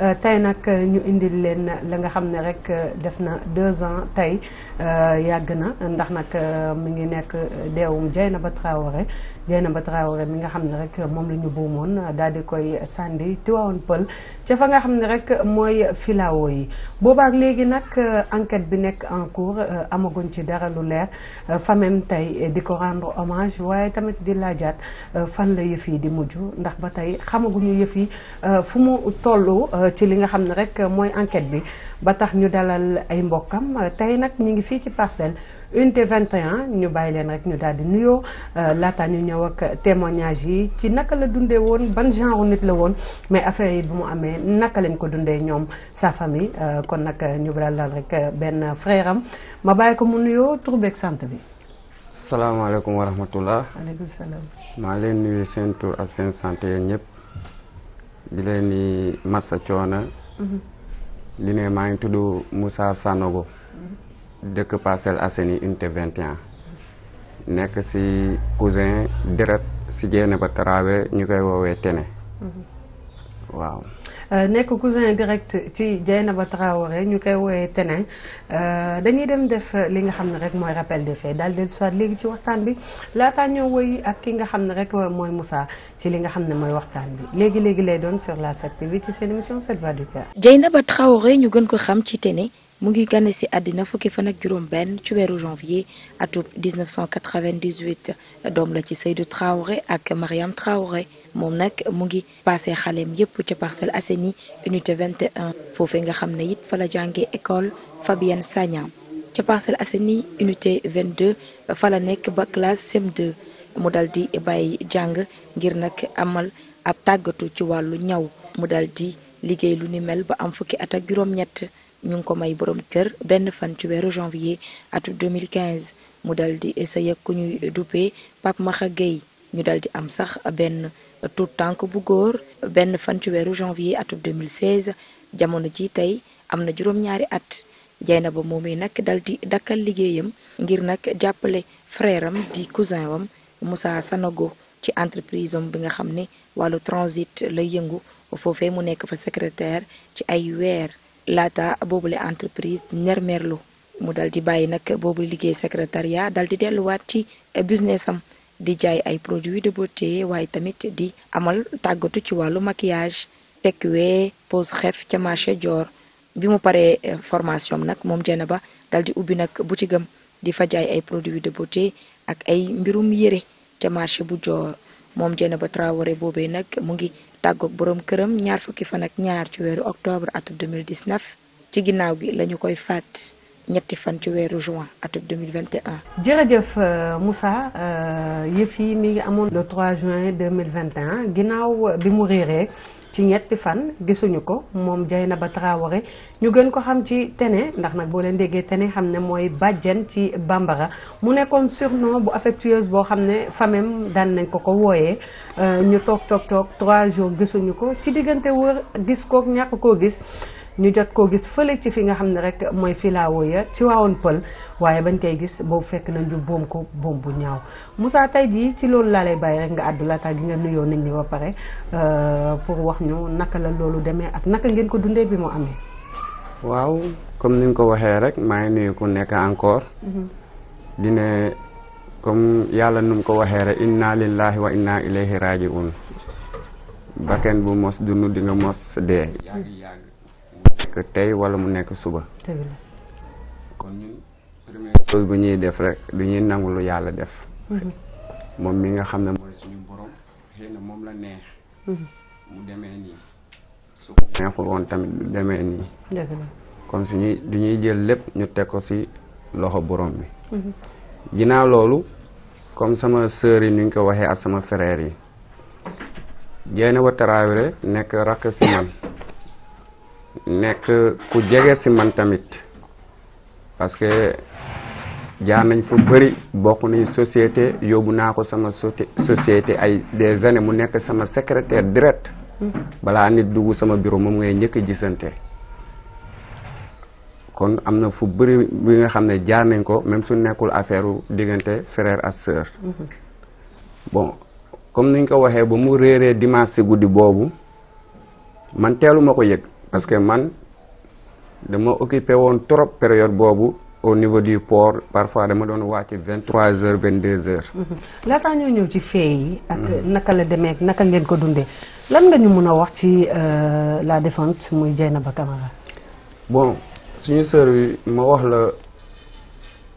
Euh, tey nag euh, ñu indi leen la nga xam ne rek euh, def na deux ans tey yàgg na ndax nag mi ngi nekk deewum Dieynaba Traoré Dieynaba Traoré mi nga xam ne rek moom la ñu buumoon daal di koy sànni Tivaouane pël ca fa nga xam ne rek mooy filao yi boobaak léegi nag enquête bi nekk en cours amaguñ ci dara lu leer famem tey di ko rendre hommage waaye tamit di laajaat fan la yëf yi di mujj ndax ba tey xamaguñu yëf yi fu mu tollu ci li nga xam ne rek mooy enquête bi ba tax ñu dalal ay mbokkam tey nag ñu ngi fii ci parcelle unité 21 ñu bàyyi leen rek ñu daal di nuyoo euh, laataa ñu ñëw ak témoignage yi ci naka la dundee woon ban genre nit la woon mais affaire yi bu mu amee naka lañ ko dundee ñoom sa famille euh, kon nag ñu dalal rek benn frère am ma bàyyi ko mu nuyoo tur beeg sant bi. salaamaaleykum wa rahmatullah. maaleykum salaam. maa leen nuyu seen tur ak seen sant yooyu ñëpp. di leen ni massa coona mhm. di ne maa ngi tudd Moussa Sanogo mhm. dëkk Parcelles Assainies unité 21 nekk si cousin deret si jéene ba Traoré ñu koy woowee Tene mhm. waaw Euh, nekk cousin direct ci jay na ba Traoré ñu koy woowee Ténin euh, dañuy dem def li nga xam ne rek mooy rappel des faits daal del soit léegi ci waxtaan bi laataa ñoo woy ak ki nga xam ne rek mooy Moussa ci li nga xam ne mooy waxtaan bi léegi léegi lay doon sur la 7 bi ci seen émission 7 voix du cœur Dieynaba Traoré ñu gën ko xam ci Ténin mu ngi gane si àddina fukki fan ak juróom benn ci weeru janvier atub 1998 doom la ci Seydou Traoré ak Mariam Traoré moom nag mu ngi passé xaleem yépp ca Parcelles Assainies unité 21 foofee nga xam ne it fala la jàngee école Fabienne Sagna ca Parcelles Assainies unité 22 fa la nekk ba classe cm mu dal di bàyyi jàng ngir nag amal ab tàggatu ci wàllu ñaw mu dal di liggéey lu ni mel ba am fukki at ak juróom-ñett ñu ngi ko may borom kër benn fan ci weeru janvier atu 2015 mu dal sa essayer ku ñuy duppee Pape Maxa ñu dal di am sax benn tout tànk bu góor benn fan ci weeru janvier atu 2016 jamono ji tey am na juróom-ñaari at Jaynaba moom yi nag dal di dakkal liggéeyam ngir nag jàppale frère am di cousin wam Moussa Sanogo ci entreprise am bi nga xam ni wàllu transit lay yëngu foofee mu nekk fa secrétaire ci ay weer laata boobule entreprise di nermerlu mu dal di bàyyi nag boobu liggéey secrétariat dal di delluwaat ci business am di jaay ay produits de beauté waaye tamit di amal tàggatu ci wàllu maquillage tekkiwee pose xef ca marché Dior bi mu paree eh, formation nag moom Dieynaba dal di ubbi nag boutique am di fa jaay ay produits de beauté ak ay mbirum yére ca marché bu Dior moom ba Traoré boobee nag mu ngi tàggoog boroom këram ñaar fukki fan ak ñaar ci weeru octobre atum 2019 ci ginnaaw gi lañu koy faat ñetti fan ci weeru juin atum 2021. jërëjëf euh, Moussa euh, yëf yi mi ngi amoon le 3 juin 2021 ginnaaw bi mu réeree. ci ñetti fan gisuñu ko moom jay na Dieynaba Traoré ñu gën ko xam ci tene ndax nag boo leen déggee tene xam ne mooy bàjjen ci bàmbara mu nekkoon surnom bu affectueuse boo xam ne famem daan nañ ko ko wooyee euh, ñu toog toog toog trois jours gisuñu ko ci diggante wër gis kook ñàkk koo gis ñu jot koo gis fële ci fi nga xam ne rek mooy filaawo ya ci waawoon pël waaye bañ koy gis boobu fekk nañ ñu boom ko boom bu ñaaw musaa tey jii ci loolu laa lay bàyyi rek nga àddu laata gi nuyoo nit ñi ba pare euh, pour wax ñu naka la loolu demee ak naka ngeen ko dundee bi mu amee. waaw comme ni ko waxee rek maa ngi nuyu ku nekk encore. Mm-hmm. di comme yàlla nu mu ko waxee rek inna lillahi wa inna ilayhi rajiun bakken bu mos dund di nga mos dee. Mm-hmm. tey wala mu nekk suba. kon ñun première chose bu ñuy def rek du ñuy nangu lu yàlla def. Mhm. moom mi nga xam ne mooy suñu borom xëy moom la neex. Mhm. mu demee nii su ko tamit du nii. dëgg la kon ñuy jël lépp ñu teg ko ci loxo borom bi. Mhm. ginnaaw loolu comme sama sœur yi nuñ ko waxee ak sama frère yi. Dieynaba Traoré nekk rakk ci man. nekk ku jege si man tamit parce que jaar nañ fu bëri bokk nañu société yóbbu naa ko sama société ay des années mu nekk sama secrétaire direct balaa nit dugg sama bureau moom ngay njëkk gisante kon am na fu bëri bi nga xam ne jaar nañ ko même su nekkul affaire diggante frère ak sœur bon comme niñ ko waxee ba mu réeree dimanche si guddi boobu man teelu ko yëg parce que man dama occupé woon trop période boobu au niveau du port parfois dama doon wàcc vingt trois heures vingt deux heures. Mhm. laataa ñoo ñëw ci fee yi. ak mhm. naka la demee ak naka ngeen ko dundee lan nga ñu mun a wax ci euh, la défense muy na Dieynaba Camara. bon suñu sœur bi ma wax la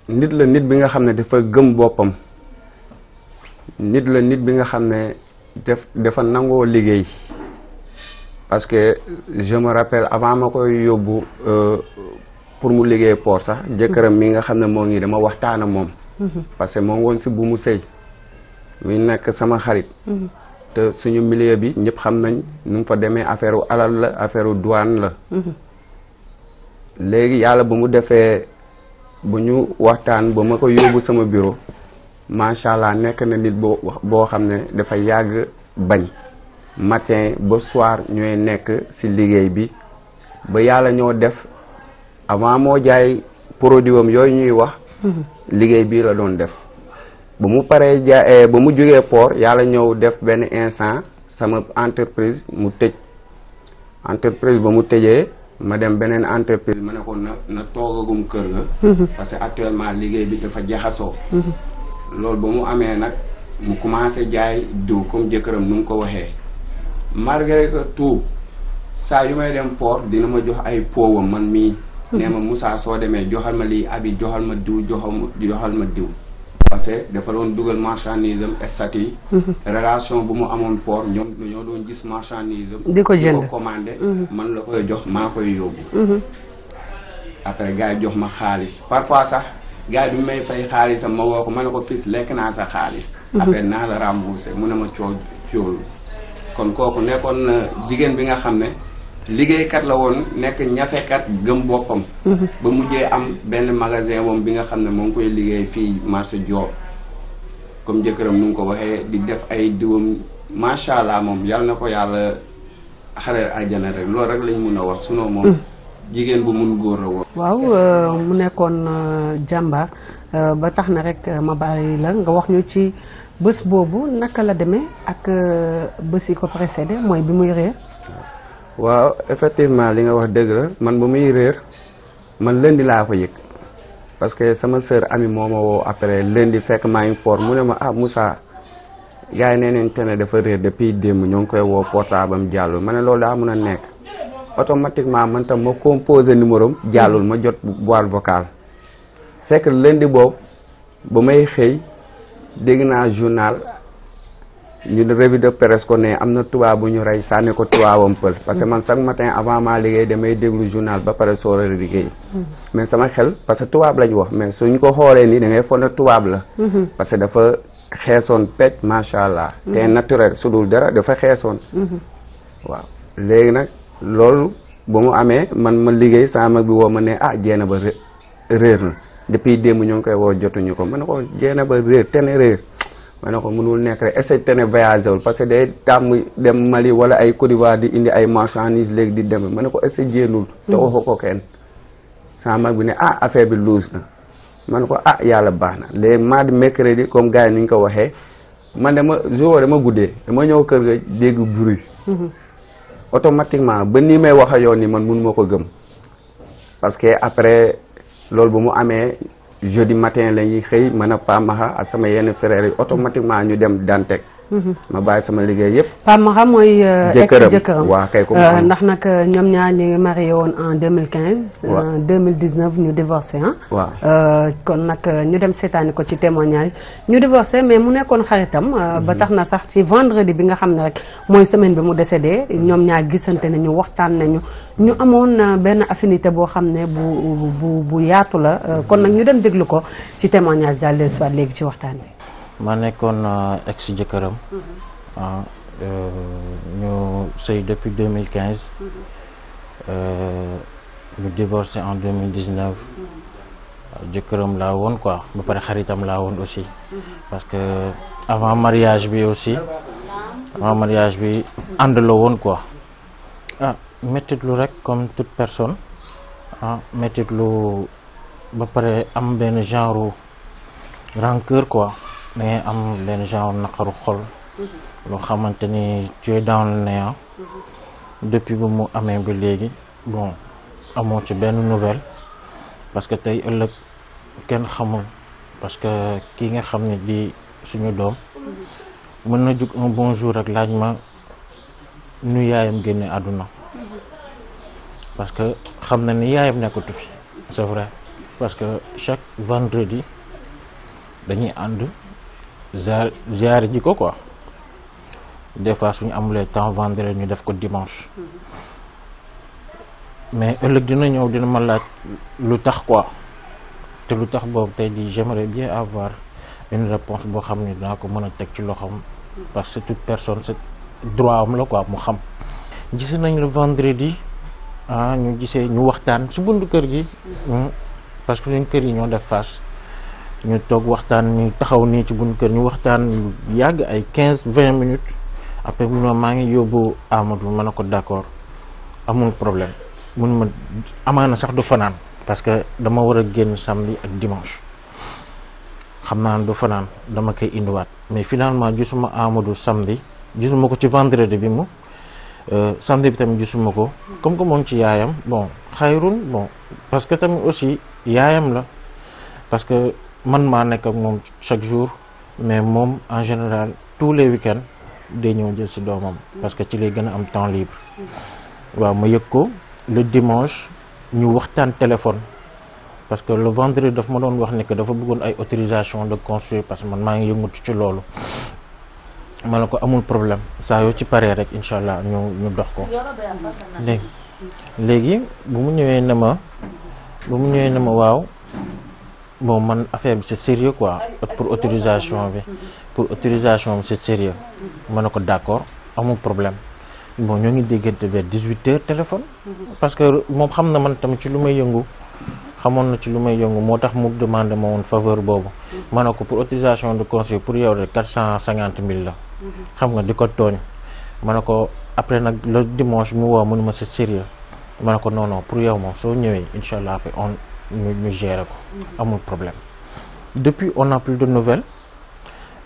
nit la nit bi nga xam ne dafa gëm boppam nit la nit bi nga xam ne def dafa nangoo liggéey. parce que je me rappelle avant ma koy yóbbu euh, pour mu liggéey port sax jëkkëram mi nga xam ne moo ngi dama waxtaan ak moom parce que moom ngi woon si bu mu sëy mi nekk sama xarit te suñu milieu bi ñëpp xam nañ nu mu fa demee affaire u alal la affaire u douane la léegi yàlla ba mu defee bu ñu waxtaan ba ma ko yóbbu sama bureau macha allah nekk na nit boo xam ne dafa yàgg bañ matin ba soir ñooy nekk si liggéey bi ba yàlla ñoo def avant moo jaay produit am yooyu ñuy wax liggéey bii la doon def ba mu paree jaay eh, ba mu jógee port yàlla ñëw def benn instant sama entreprise mu tëj entreprise ba mu tëjee ma dem beneen entreprise ma ne ko na na toogagum kër ga parce que actuellement liggéey bi dafa jaxasoo loolu ba mu amee nag mu commencé jaay diw comme jëkkëram nu mu ko waxee malgré que tout saa yu may dem port dina ma jox ay powam man mii nee ma Moussa soo demee joxal ma lii abi joxal ma diw joxal ma diw parce que dafa doon dugal marchandise am statut mhm. relation bu mu amoon port ñoom ñoo doon gis marchandise am di ko jënd mhm. man la koy jox maa koy yóbbu mhm. après gars jox ma xaalis parfois sax gars bi may fay xaalisam ma woo ko ma ne ko fils lekk naa sa xaalis après naa la remboursé mu ne ma coow coolu kon kooku nekkoon na jigéen bi nga xam ne liggéeykat la woon nekk ñafekat gëm boppam. Mhm. ba mujjee am benn magasin moom bi nga xam ne moo ngi koy liggéey fii marché Dior. comme jëkkëram nu mu ko waxee di def ay diwam macha allah moom yàlla na ko yàlla xareel àjjana rek loolu rek lañ mun a wax sunoo moom. Mm. jigéen bu mun góor la woon. waaw euh, mu nekkoon euh, jàmbar euh, ba tax na rek ma bàyyi la nga wax ñu ci. bés boobu naka la deme ak euh, bës yi ko précédé mooy bi muy réer. waaw effectivement li nga wax dëgg la man bu muy réer man lundi laa ko yëg parce que sama sœur ami moo ma woo après lundi fekk maa ngi port mu ne ma ah Moussa gars yi nee nañ te dafa réer depuis démb ñoo ngi koy woo portable am jàllul ma ne loolu daa mun a nekk automatiquement man tam ma composé numéro am jàllul ma jot boîte vocale fekk lundi boobu ba may xëy. dégg naa journal ñu revue de presse ne am na tubaab bu ñu rey sànni ko tubaabam pël parce que man chaque matin avant maa liggéey damay déglu journal ba pare sóora liggéey mais sama xel parce que tubaab lañ wax mais suñ ko xoolee nii da ngay foog ne tubaab la parce que dafa xeesoon pecc macha allah te naturel su dul dara dafa xeesoon waaw léegi nag loolu ba mu amee man ma liggéey sama mag bi woo ma ne ah jeena ba réer na depuis démb ñu ngi koy woo jotuñu ko ma ne ko jéena ba réer tene réer ma ne ko mënul nekk rek essaye tene voyagé wul parce que day tàmm dem Mali wala ay Côte d'Ivoire di indi ay marchandises léegi di dem ma ne ko essaye jéenul te waxu ko kenn sama mag bi ne a ah, affaire bi loose na ma ne ko a ah, yàlla baax na léegi mardi mercredi comme gars yi ni ñu ko waxee man dama jour dama guddee dama ñëw kër ga dégg bruit mm-hmm. automatiquement ba nii may wax ak yow nii man mënu ma ko gëm parce loolu bu mu amee jeudi matin la ñuy xëy mën a ak sama yenn frères yi automatiquement ñu dem Dantec ma bàyyi sama liggéey yëpp. Pape Makham mooy. jëkkëram euh, ex jëkkëram waaw kay ko euh, ndax nag euh, ñoom ñaar ñi ngi woon en 2015. waaw en 2019 ñu divorcé ah. waaw kon nag ñu dem seetaani ko ci témoignage ñu divorcé mais mu nekkoon xaritam. Mhm. ba tax na sax ci vendredi bi nga xam ne rek mooy semaine bi mu décédé ñoom ñaar gisante nañu waxtaan nañu ñu amoon benn affinité boo xam ne bu bu bu yaatu la kon nag ñu dem déglu ko ci témoignage daal de soit léegi ci waxtaan bi. ma nekkoon euh, ex jëkkëram mm-hmm. ah euh, ñu sëy depuis 2015 mm-hmm. euh, ñu divorcé en 2019 mm-hmm. jëkkëram laa woon quoi ba pare xaritam laa woon aussi parce que avant mariage bi aussi avant mariage bi ànd la woon quoi ah méttit lu rek comme toute personne ah méttit lu ba pare am benn genre rancœur quoi da am leen genre naqaru xol loo xamante ni tu es dans le depuis bu mu amee ba léegi bon amoo ci benn nouvelle parce que tey ëllëg kenn xamul parce que kii nga xam ne di suñu doom mën na jug un bon jour ak laaj ma nu yaayam génne àdduna parce que xam na ni yaayam nekkatu fi c'est vrai parce que chaque vendredi dañuy ànd ziar ziar ji ko quoi des fois suñu amulee temps vendredi ñu def ko dimanche mm-hmm. mais ëllëg dina ñëw dina ma laaj lu tax quoi te lu tax boobu tey di j'aimerais bien avoir une réponse boo xam ne dinaa ko mën a teg ci loxoom mm-hmm. parce que toute personne c'est droit am la quoi mu xam gise nañ le vendredi ah ñu gisee ñu waxtaan si buntu kër gi mm-hmm. hmm. parce que suñ kër yi ñoo def face ñu toog waxtaan ñu taxaw nii ci buñ kër ñu waxtaan yàgg ay quinze vingt minutes après mu ne maa ngi yóbbu Amadou ma ne ko d'accord amul problème mun ma amaana sax du fanaan parce que dama war a génn samedi ak dimanche xam naa du fanaan dama koy indiwaat mais finalement gisuma Amadou samedi gisuma ko ci vendredi bi mu euh, samedi bi tamit gisuma ko comme que moom ci yaayam bon xayrun bon parce tamit aussi yaayam la parce man maa nekk ak moom chaque jour mais moom en général tous les week-ends day ñëw jël si doomam parce que ci lay gën a am temps libre waaw ma yëg ko le dimanche ñu waxtaan téléphone parce que le vendredi dafa ma doon wax ne que dafa bëggoon ay autorisation de construire parce que man maa ngi yëngatu ci loolu ma ne ko amul problème saa yoo ci paree rek incha allah ñu ñu dox ko léegi bu mu ñëwee ne ma bu mu ñëwee ne ma waaw bon man affaire bi c'est sérieux quoi pour autorisation bi pour autorisation bi c'est sérieux ma ne ko d'accord amul problème bon ñoo ngi déggante vers dix-huit heures téléphone parce que moom xam na man tamit ci lu may yëngu xamoon na ci lu may yëngu moo tax mu demandé ma woon boobu ma ne ko pour autorisation de conseil pour yow de quatre cent cinquante mille la xam nga di ko tooñ ma ne ko après nag le dimanche mu woo mu ne ma c'est sérieux ma ne ko non non yow moom soo ñëwee incha allah ñu ñu gérer ko amul problème depuis on n'a de nouvelles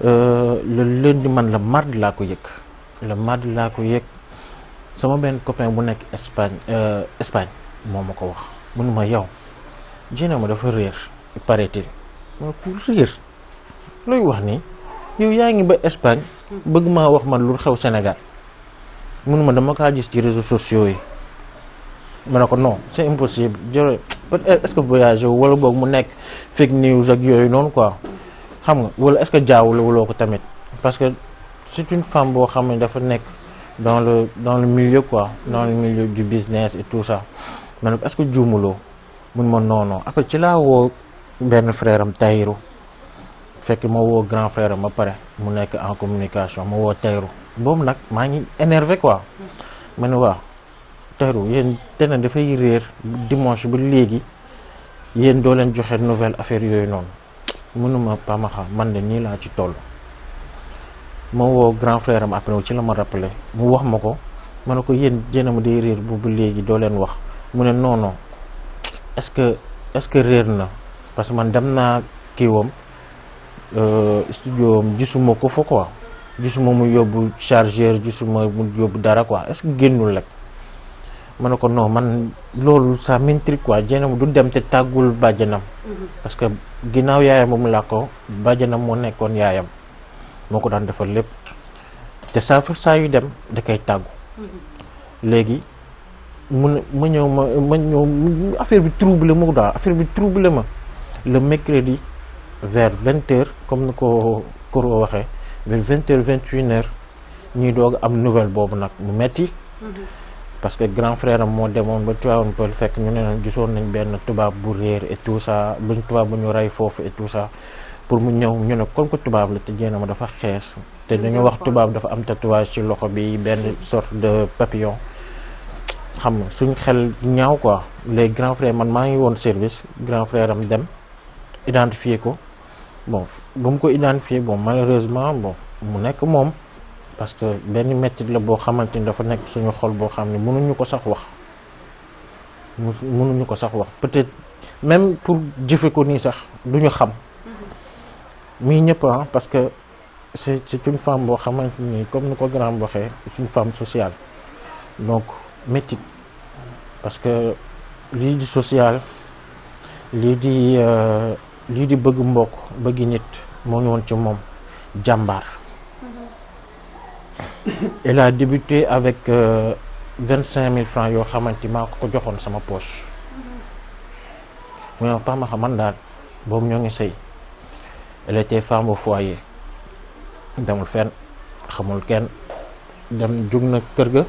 euh, le lundi man le mardi laa ko yëg le mardi laa ko yëg sama benn copain bu nekk Espagne euh, Espagne moo ma ko wax mun ma yow Dieyna ma dafa réer paraît-il ma réer looy wax nii yow yaa ngi ba Espagne bëgg maa wax man lu xew Sénégal mun ma dama kaa gis ci réseaux sociaux yi ma ne ko non c'est impossible peut-être euh, que voyagé wu wala boog mu nekk fake news ak yooyu noonu quoi xam nga wala est-ce que jaawul ko tamit parce que c'est une femme boo xam ne dafa nekk dans le dans le milieu quoi dans le milieu du business et tout ça man est-ce que juumuloo mun ma noonoo après ci laa woo benn frère am Tayiru fekk ma woo grand frère am ba pare mu nekk en communication ma woo Tayiru boobu nag maa ngi énervé quoi ma ne waaw taru yéen dana dafay réer dimanche ba léegi yéen doo leen joxe nouvelle affaire yooyu noonu mënuma pamaxa man de nii laa ci toll ma woo grand frère am après ci la ma rappelé mu wax ma ko ma ne ko yéen jéena ma day réer bu ba léegi doo leen wax mu ne noono non ce que est-ce que réer na parce que man dem naa kiiwam euh, studio am gisuma ko fa quoi gisuma mu yóbbu chargeur gisuma mu yóbbu dara quoi est-ce ma ne ko non man loolu ça m'intrigue quoi jéenam du dem te tàggul bàjjanam mhm. parce que ginnaaw yaayam bu mu làkkoo bàjjanam moo nekkoon yaayam moo ko daan defal lépp te saa fa saa yu dem da koy tàggu mhm. léegi mun ma ñëw ma ma ñëw affaire bi trouble ma daal affaire bi trouble ma le mercredi vers vingt heures comme ni ko Koro waxee vers vingt heures vingt une ñuy doog am nouvelle boobu nag mu metti mhm. parce que grand frère am moo demoon ba Tivaouane Peulh fekk ñu ne gisoon nañ benn tubaab bu réer et tout ça buñ tubaab bu ñu rey foofu et tout ça pour mu ñëw ñu ne kon ko tubaab la te jéena ma dafa xees te dañu wax tubaab dafa am tatouage ci loxo bi benn sorte de papillon xam nga suñ xel ñaaw quoi les grands frères man maa ngi woon service grand frère am dem identifier ko bon bu mu ko identifier bon malheureusement bon mu nekk moom parce que benn mettit la boo xamante ni dafa nekk suñu xol boo xam ne mënuñu ko sax wax mënuñu ko sax wax peut-être même pour jëfe ko nii sax duñu xam mii mm-hmm. ñëpp ah parce que c'est c'est une boo xamante ni comme nu ko grand waxee suñu une sociale donc métit parce que lii di social lii di euh, lii di bëgg mbokk bëgg nit moo ngi woon ci moom jàmbaar elle a débuté avec euh, vingt cinq mille francs yoo xamante maa ko ko joxoon sama poche mu ne paa ma man daal boobu ñoo ngi sëy elle était femme foyer demul fenn xamul kenn dem jug na kër ga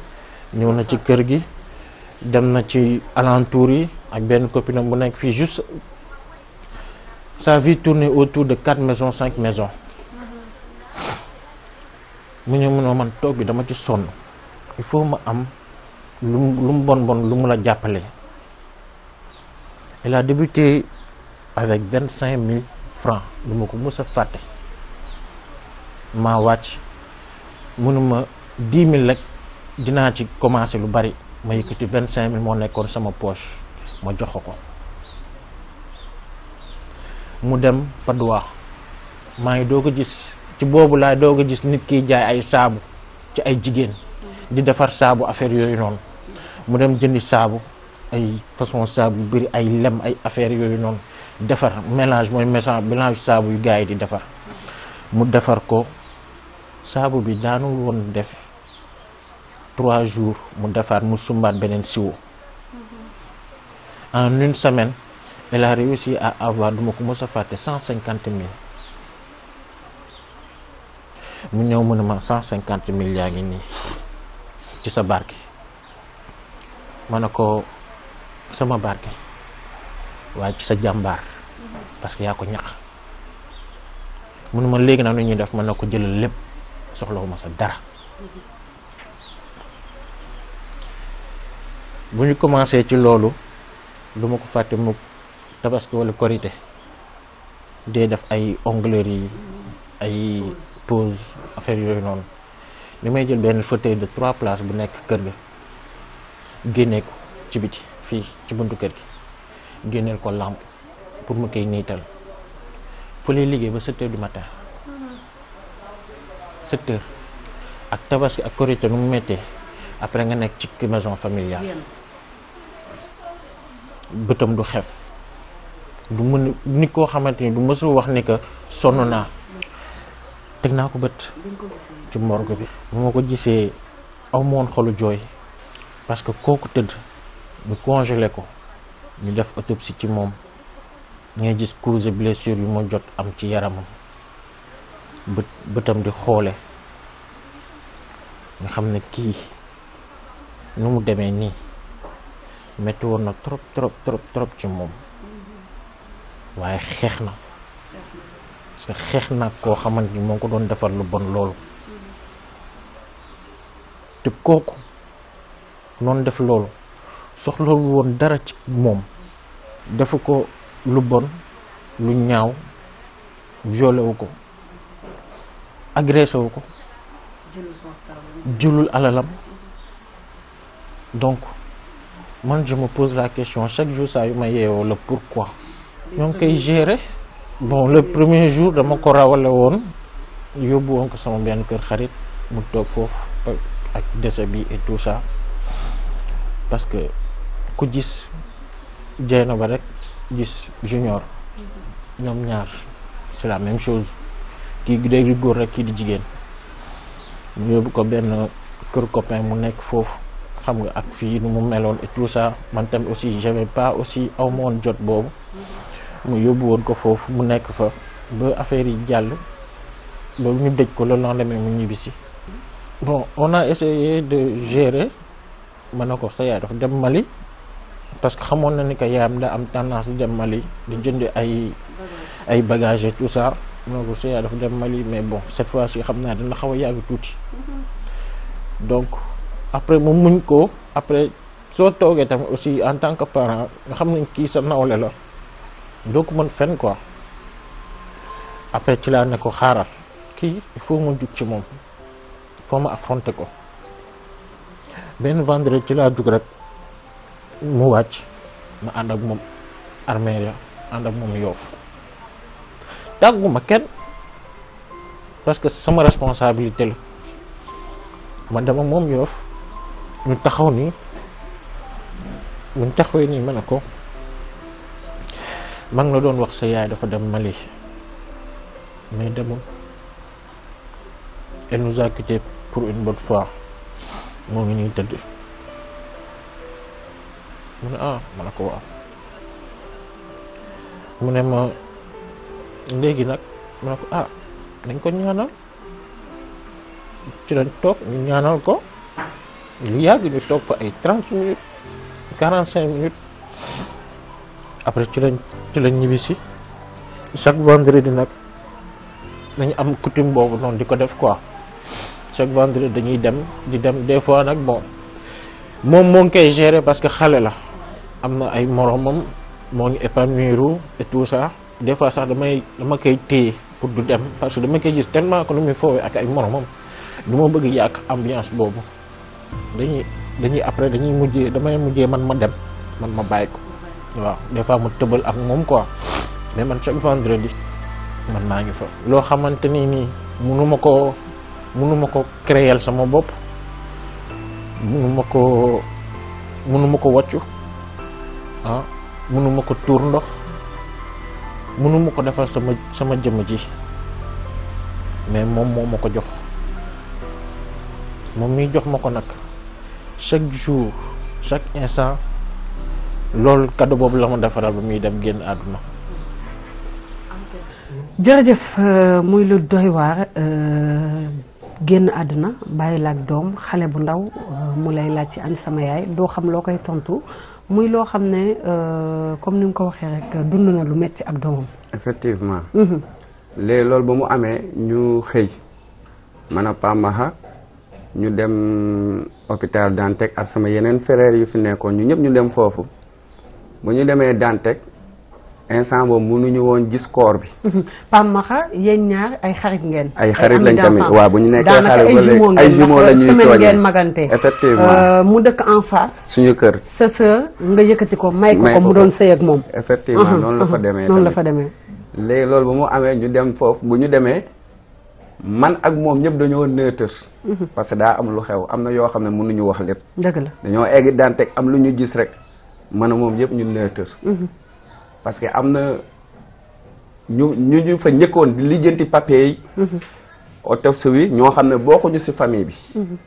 ñëw na ci kër gi dem na ci alentour yi ak benn copine bu nekk fii juste sa vie tournait autour de quatre maisons cinq maison mu ne ma man toog bi dama ci sonn il faut ma am lu lu mu bon bon lu mu la jàppale il a débuté avec cinq mille francs lu ma ko mës a fàtte maa wàcc mënuma dix mille rek dinaa ci commencé lu bari ma yëkkati cinq mille moo nekkoon sama poche ma jox ko mu dem Padois maa ngi doo ko gis ci boobu laa doog a gis nit kiy jaay ay saabu ci ay jigéen di defar saabu affaire yooyu noonu mu dem jëndi saabu ay façon saabu yu bëri ay lem ay affaire yooyu noonu defar mélange mooy mélange saabu yu gars yi di defar mu defar ko saabu bi daanul woon def trois jours mu defar mu sumbaat beneen siwo mm-hmm. en une semaine elle a réussi à avoir duma ko mos a fàtte cent cinquante mille mu ñëw mu ne ma cent cinquante mille yaa ngi nii ci sa barke ma ne ko sama barke waaye ci sa jàmbaar parce que yaa ko ñax mënuma léegi nag nu ñuy def ma ne ko jëlal lépp soxlawuma sa dara bu ñu commencé ci loolu du ma ko fàtte mu tabaski wala korité dee def ay onglerie ay pause affaire yooyu noonu li may jël benn fauteuil de trois places bu nekk kër ga génnee ko ci biti fii ci buntu kër gi génneel ko làmp pour mu koy niital fa lay liggéey ba sept du matin mm-hmm. sept ak tabaski ak korité nu mu méttee après nga nekk ci maison familiale bëtam du xef du mën nit koo xamante ni du mësul wax ni que sonn naa teg naa ko bët ci morgue bi bu ma ko gisee aw moon xolu jooy parce que kooku tëdd ñu congelé ko ñu def autopsie ci moom ngay gis cause blessure yu ma jot am ci yaramam bët bëtam di xoole nga xam ne kii nu mu demee nii metti woon na trop trop trop trop ci moom waaye xeex na xeex naag koo xamante ni moo ko doon defar lu bon loolu te kooku noon def loolu soxlawul woon dara ci moom defu ko lu bon lu ñaaw violé ko agressé ko jëlul alalam donc man je me pose la question chaque jour saa yu ma yeewoo la pourquoi ñoo ngi koy gérer bon le premier jour dama ko rawale woon yóbbu woon ko sama benn kër xarit mu toog foofu ak décès bi et tout sax parce que ku gis Dieyna ba rek gis Junior ñoom ñaar c'est la même chose kii day di góor kii di jigéen mu yóbbu ko benn kër copain mu nekk foofu xam nga ak fii nu mu meloon et tout ça man tam aussi j'avais pas aussi aw ma woon jot boobu. mu yóbbu woon ko foofu mu nekk fa ba affaire yi jàll loolu ñu dëj ko le lendemain mu ñibbisi bon on a essayé de gérer ma ne ko sa yaay dafa dem Mali parce que xamoon na ni que yaayam da am tendance di dem Mali di jënd ay ay bagages et tout ça ma ne ko sa yaay dafa dem Mali mais bon cette fois si xam naa dina xaw a yàgg tuuti donc après mu muñ ko après soo toogee tamit aussi en tant que parent nga xam ne kii sa nawle la. doo ko mën fenn après ci laa ne ko xaaral kii il faut ma jug ci moom foo ma affronter ko benn vendredi ci laa jug rek mu wàcc ma ànd ak moom armeria ànd ak moom yoof tàgguma kenn parce que sama responsabilité la man dama moom yoof ñu taxaw nii buñ taxawee nii ma ne ko maa ngi la doon wax sa yaay dafa dem Mali mais demul elle quitté pour une bonne fois moo ngi nii tëdd mu ne ah ma ne ko waaw mu ne ma léegi nag ma ne ko ah nañ ko ñaanal ci lañ toog ñu ñaanal ko lu yàgg ñu toog fa ay trente minutes quarante cinq minutes après ci lañ ci lañ ñibbisi chaque vendredi nag dañu am coutume boobu noonu di ko def quoi chaque vendredi dañuy dem di dem des fois nag bon moom moo ngi koy gérer parce que xale la am na ay moromam moo ngi épanouiru et tout sax des fois sax damay dama koy téye pour du dem parce que dama koy gis tellement que nu muy foowee ak ay moromam du ma bëgg yàq ambiance boobu dañuy dañuy après dañuy mujjee damay mujjee man ma dem man ma bàyyi ko. waaw des fois mu tëbal ak moom quoi mais man chaque vendredi man maa ngi fa. loo xamante ni nii munu ma ko munu ma ko créer sama bopp munu koo ko munu ma ko wàccu ah munu ko tuur ndox munu ma ko defal sama sama jëmm ji mais moom moo ma ko jox moom mi jox ma ko nag chaque jour chaque instant. loolu kaddu boobu la ma defaral ba muy dem génn àdduna. jërëjëf euh, muy lu doy waar euh, génn àdduna bàyyi la ak doom xale bu ndaw euh, mu lay laaj ci an sama yaay doo xam loo koy tontu muy loo xam ne comme ni nga ko waxee rek dund na lu metti ak doomam. effectivement. Mhm. léegi loolu ba mu amee ñu xëy man a Pamaha ñu dem hôpital Dantec ak sama yeneen frères yu fi nekkoon ñu ñëpp ñu dem foofu. bu ñu demee Dantec instant boobu mënuñu woon gis koor bi. Pam Maxa yéen ñaar ay xarit ngeen. ay xarit lañ tamit waaw bu ñu nekkee xarit ba léegi ay jumeaux la ñuy semaine ngeen magante. effectivement euh, mu dëkk en face. suñu kër sa sœur nga yëkkati ko may ko ko mu doon sëy ak moom. effectivement uh-huh, noonu la fa uh-huh. demee noonu la fa demee. léegi loolu bu mu amee ñu dem foofu bu ñu demee man ak moom ñëpp dañoo neutre. Uh-huh. parce que daa am lu xew am na yoo xam ne mënuñu wax lépp. dëgg la dañoo egg Dantec am lu ñu gis rek. man a moom yëpp ñu ñooy tër. Mhm. que am na ñu ñu ñu fa njëkkoon di lijjanti papier yi. Mhm. autopsie wi ñoo xam ne boo bokkuñu ci famille bi. Mhm.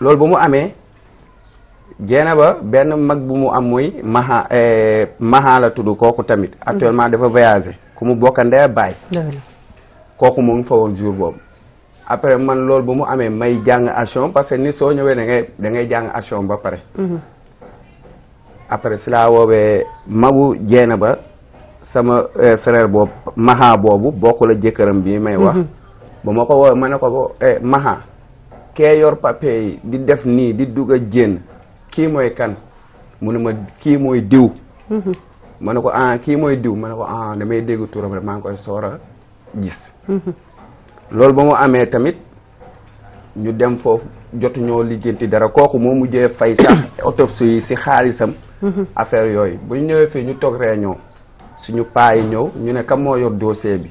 loolu ba mu amee jeena ba benn mag bu mu am muy maha eh, maha la tudd kooku tamit. actuellement dafa voyager ku mu bokk ndey baay. kooku mu ngi fa boobu. après man loolu bu mu amee may jàng action parce que ni soo ñëwee da ngay da ngay jàng action ba pare. Mhm. après si laa woowee Magu jeena ba sama eh, frère boobu Maha boobu bokku la jëkkëram bi may wax. Mhm. ba ma ko woowee ma ne ko ba eh, Maha kee yor papier di def nii di dugg a jéen kii mooy kan mu ne ma kii mooy diw. Mhm. ma ne ko ah kii mooy diw ma ne ko ah damay dégg turam rek maa ngi koy soor a gis. loolu ba mu amee tamit ñu dem foofu jotuñoo lijjanti dara kooku moo mujjee fay sax autopsie yi si xaalisam. Mhm. affaire yooyu bu ñu ñëwee fii ñu toog réunion suñu paa yi ñëw ñu ne kam moo yor dossier bi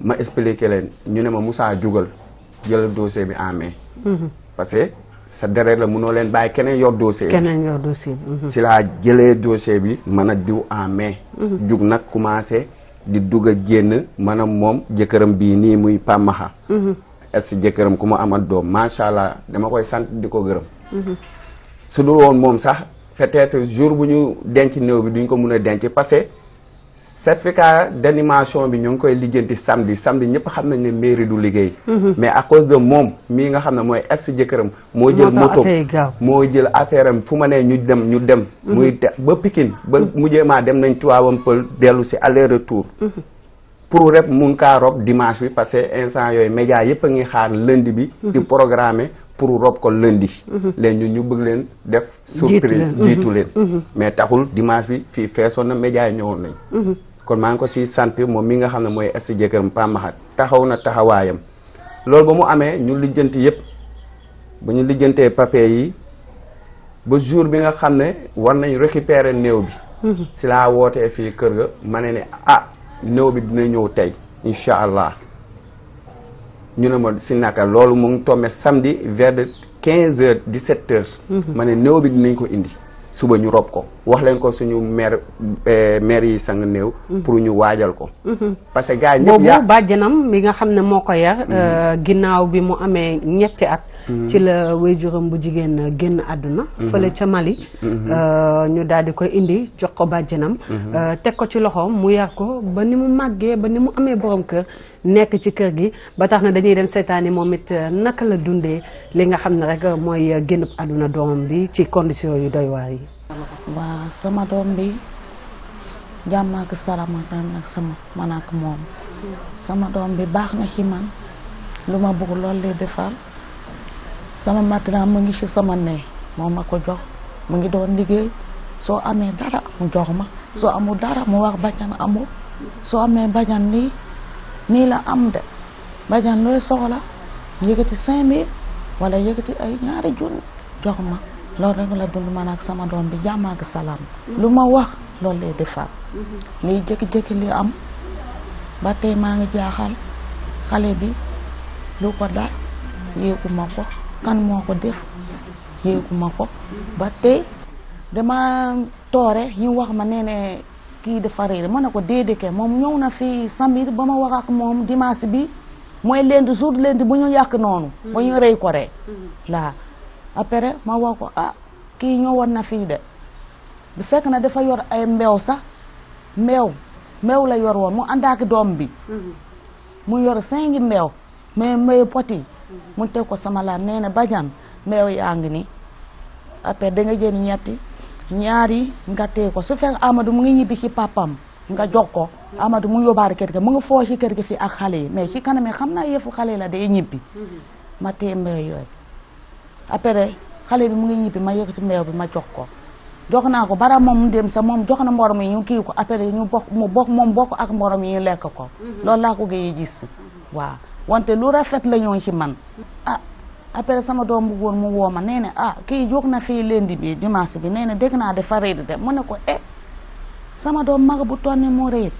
ma expliqué leen ñu ne ma Moussa jugal jël dossier bi en main. Mhm. parce que sa deret la mënoo leen bàyyi keneen yor dossier bi. keneen yor dossier mhm. si laa jëlee dossier bi mën a diw en main. jug nag commencé. di dugg a génn maanaam moom jëkkëram bii nii muy pamaxa mhm. est jëkkëram ku mu amal doom macha allah dama koy sant di ko gërëm mhm. su dul woon moom sax peut-être jour bu ñu denc néew bi duñ ko mun a denc parce que certificat d'animation bi ñu ngi koy lijjanti samedi samedi ñëpp xam nañ ne mairie du liggéey. Mhm. mais à de moom mii nga xam ne mooy est jëkkëram. moo jël moto moo jël affaire am fu ma nee ñu dem ñu dem. Mhm. muy ba Pikine ba mhm. mujjee maa dem nañ Tivaouane Peulh dellu si aller retour. pour rek mun kaa rob dimanche bi parce que instant yooyu média yëpp a ngi xaar lënd bi. di programmer pour rob ko lundi. léegi ñun ñu bëgg leen def. surprise jiitu leen mais taxul dimanche bi fii feesoon na média ñëwoon nañ. kon maa ngi ko si sant moom mi nga xam ne mooy esti jëkkëram mu Mahat taxaw na taxawaayam loolu ba mu amee ñu lijjanti yëpp ba ñu lijjantee papier yi ba jour bi nga xam ne war nañ récupérer néew bi mhm. si laa wootee fii kër ga ma ne ne ah néew bi dina ñëw tey incha allah ñu ne ma si naka loolu mu ngi tombé samedi vers de quinze heures di sept mhm. ma ne néew bi dinañ ko indi suba ñu rob ko wax leen ko suñu maire eh, maire yi sang néew. Mm-hmm. pour ñu waajal ko. Mm-hmm. parce que gars ñëpp yaa boobu nga xam ne moo ko yar. Mm-hmm. Euh, ginnaaw bi mu amee ñetti at. ci la waajuram bu jigéen génn àdduna. fële ca Mali. Euh, ñu daal di koy indi jox ko bàjjanam. Euh, teg ko ci loxo mu yar ko ba ni mu màggee ba ni mu amee borom kër. nekk ci kër gi ba tax na dañuy dem seetaani moom it euh, naka la dundee li nga xam ne rek euh, mooy euh, génn àdduna doom bi ci condition yu doy waar yi. waa sama doom bi jàmm ak salaam ak sama man moom sama doom bi baax na ci man lu ma bëgg loolu lay defal sama mat matelas mu ngi ci sama ne moo ma ko jox mu ngi doon liggéey soo amee dara mu jox ma soo amul dara mu wax bañan amul nii la am de bajaan looy soxla yëkkati cinq walla wala yëkkati ay ñaari junni jox ma loolu rek la dund man ak sama doom bi jàmm ak salaam mhm. lu ma wax loolu lay defar mhm. liy jékki-jékki li am ba tey maa ngi jaaxal xale bi lu ko dal yéegu ko kan moo ko def yéegu ma ko ba tey dama toore ñu wax ma nee kii dafa réer ma ne ko déedéet kay moom ñëw na fii samir ba ma wax ak moom dimanche bi mooy lundi jour lundi bu ñu yàq noonu ba ñu rey ko rek laa après ma wax ko ah kii ñëwoon na fii de du fekk na dafa yor ay mbeew sax mbeew mbeew la yor woon mu ànd ak doom bi mu yor cinq mbeew mais mbeew poti mu teg ko sama laat nee na bajan mbeew yaa ngi ni après da nga ñaari nga tee ko su fekk Amadou mu ngi ñibbi ci papam nga jox ko Amadou mu ngi yóbbaale kër ga mu ngi foo ci kër ga fii ak xale yi mais ci kanam xam naa yëfu xale la day ñibbi mhm. ma tee mbéy yooyu après xale bi mu ngi ñibbi ma yëkkati mbéy bi ma jox ko jox naa ko bara moom dem sa moom jox na morom yi ñu kii ko après ñu bokk mu bokk moom bokk ak morom yi ñu lekk ko mhm. loolu laa ko gëyee gis mhm. waaw wante lu rafet la ñoo ci man ah après sama doom bu góor mu woo ma nee na ah kii jóg na fii lundi bi dimanche bi nee na dégg naa dafa de di dem mu ne ko eh sama doom mag bu tonni moo rëy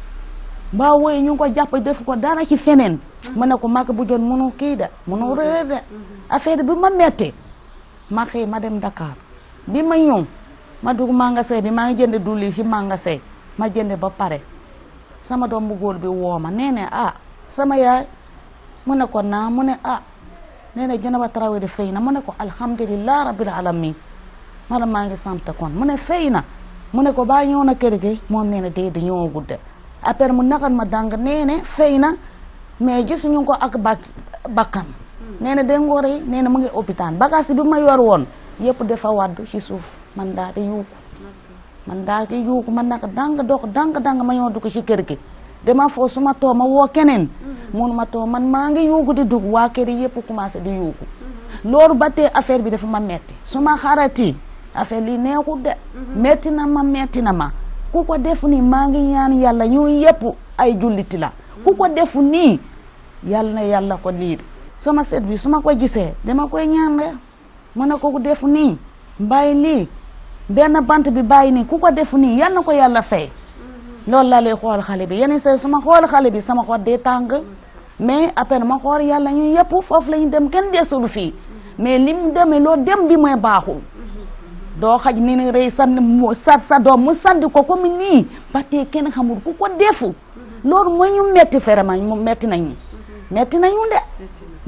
mbaa wooyu ñu ngi ko jàpp def ko dara ci feneen mu ne ko mag bu jot munu kii de munu rëy de affaire bi ma metti ma xëy ma dem Dakar bi ma ñëw ma dugg magasin bi maa ngi jënd dulli ci sey ma jënd ba pare sama doom bu góor bi woo ma nee na ah, sama yaay mu ko naa mu ne ah, nee na Dieynaba Traoré fay na mu ne ko alhamdulilah rabbil alamin maanaam maa ngi sant kon mu ne fay na mu ne ko baa ñëw na kër gi moom nee na déedéet ñëwagul de après mu naxal ma dàng nee na fay na mais gis ñu ko ak bak bakkam nee na de ngoor yi nee na mu ngi hôpital bagage bi ma yor woon yëpp dafa wàddu ci suuf man daa di yuuku man daa di yuuku man nag dàng dox dàng dàng ma ñëw dugg ci kër gi dama foo suma ma too ma woo keneen mun ma too man maa ngi yuugu di dugg waa kër yi yëpp commencé di yuugu loolu ba tey affaire bi dafa ma metti su ma xarati affaire lii neexul de metti na ma metti na ma ku ko defu ni maa ngi ñaan yàlla ñu yëpp ay julliti la ku ko def nii yàlla na yàlla ko liir sama set bi su ma ko gisee dama koy ñaan rek ma ne ko ku def nii bàyyi lii benn bant bi bàyyi nii ku ko defu ni yàlla na ko yàlla fay loolu laa lay xool xale bi yenn saa su ma xool xale bi sama xol day tàng mais après ma xool yàlla ñu yëpp foofu la dem kenn desul fii mais li mu demee loolu dem bi mooy baaxu doo xaj ni ni rëy sànni mu sa sa doom mu sànni ko mu nii ba tey kenn xamul ku ko defu loolu mooy metti vraiment mu metti nañu metti nañu de